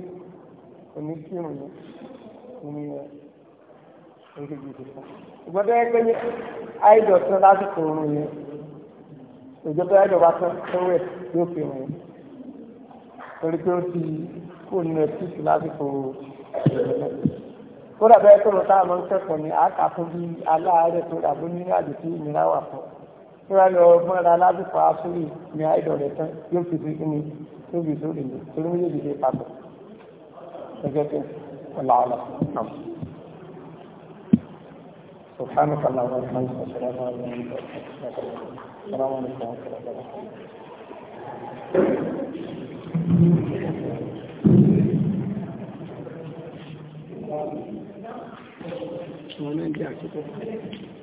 kò ní kírun yẹn kò ní yẹn ìgbọ́dọ̀ ẹgbẹ́ ní àìdọ̀ tán lásìkò oorun yẹn òjò tó àìdọ̀ bá tán tó rẹ̀ yóò fi hàn torí pé ó ti kó nínú ẹtìtì lásìkò kódà bẹ́ẹ̀ tó lọ tá a máa ń kẹ́kọ̀ọ́ ni àáka fún bí aláàárẹ̀ tó dàbó ní àjò tí ìnira wà fún tó wá lọ mọ́ra lásìkò asúrì ní àìdọ̀ rẹ̀ tán yóò fi fi kí ni tó fi sórí mi torí méjèèjì ṣe papọ̀ ẹgbẹ́ tó ọ̀làọ̀là náà. سبحانك اللهم وبحمدك وسلام على السلام عليكم ورحمة الله وبركاته. Thank you.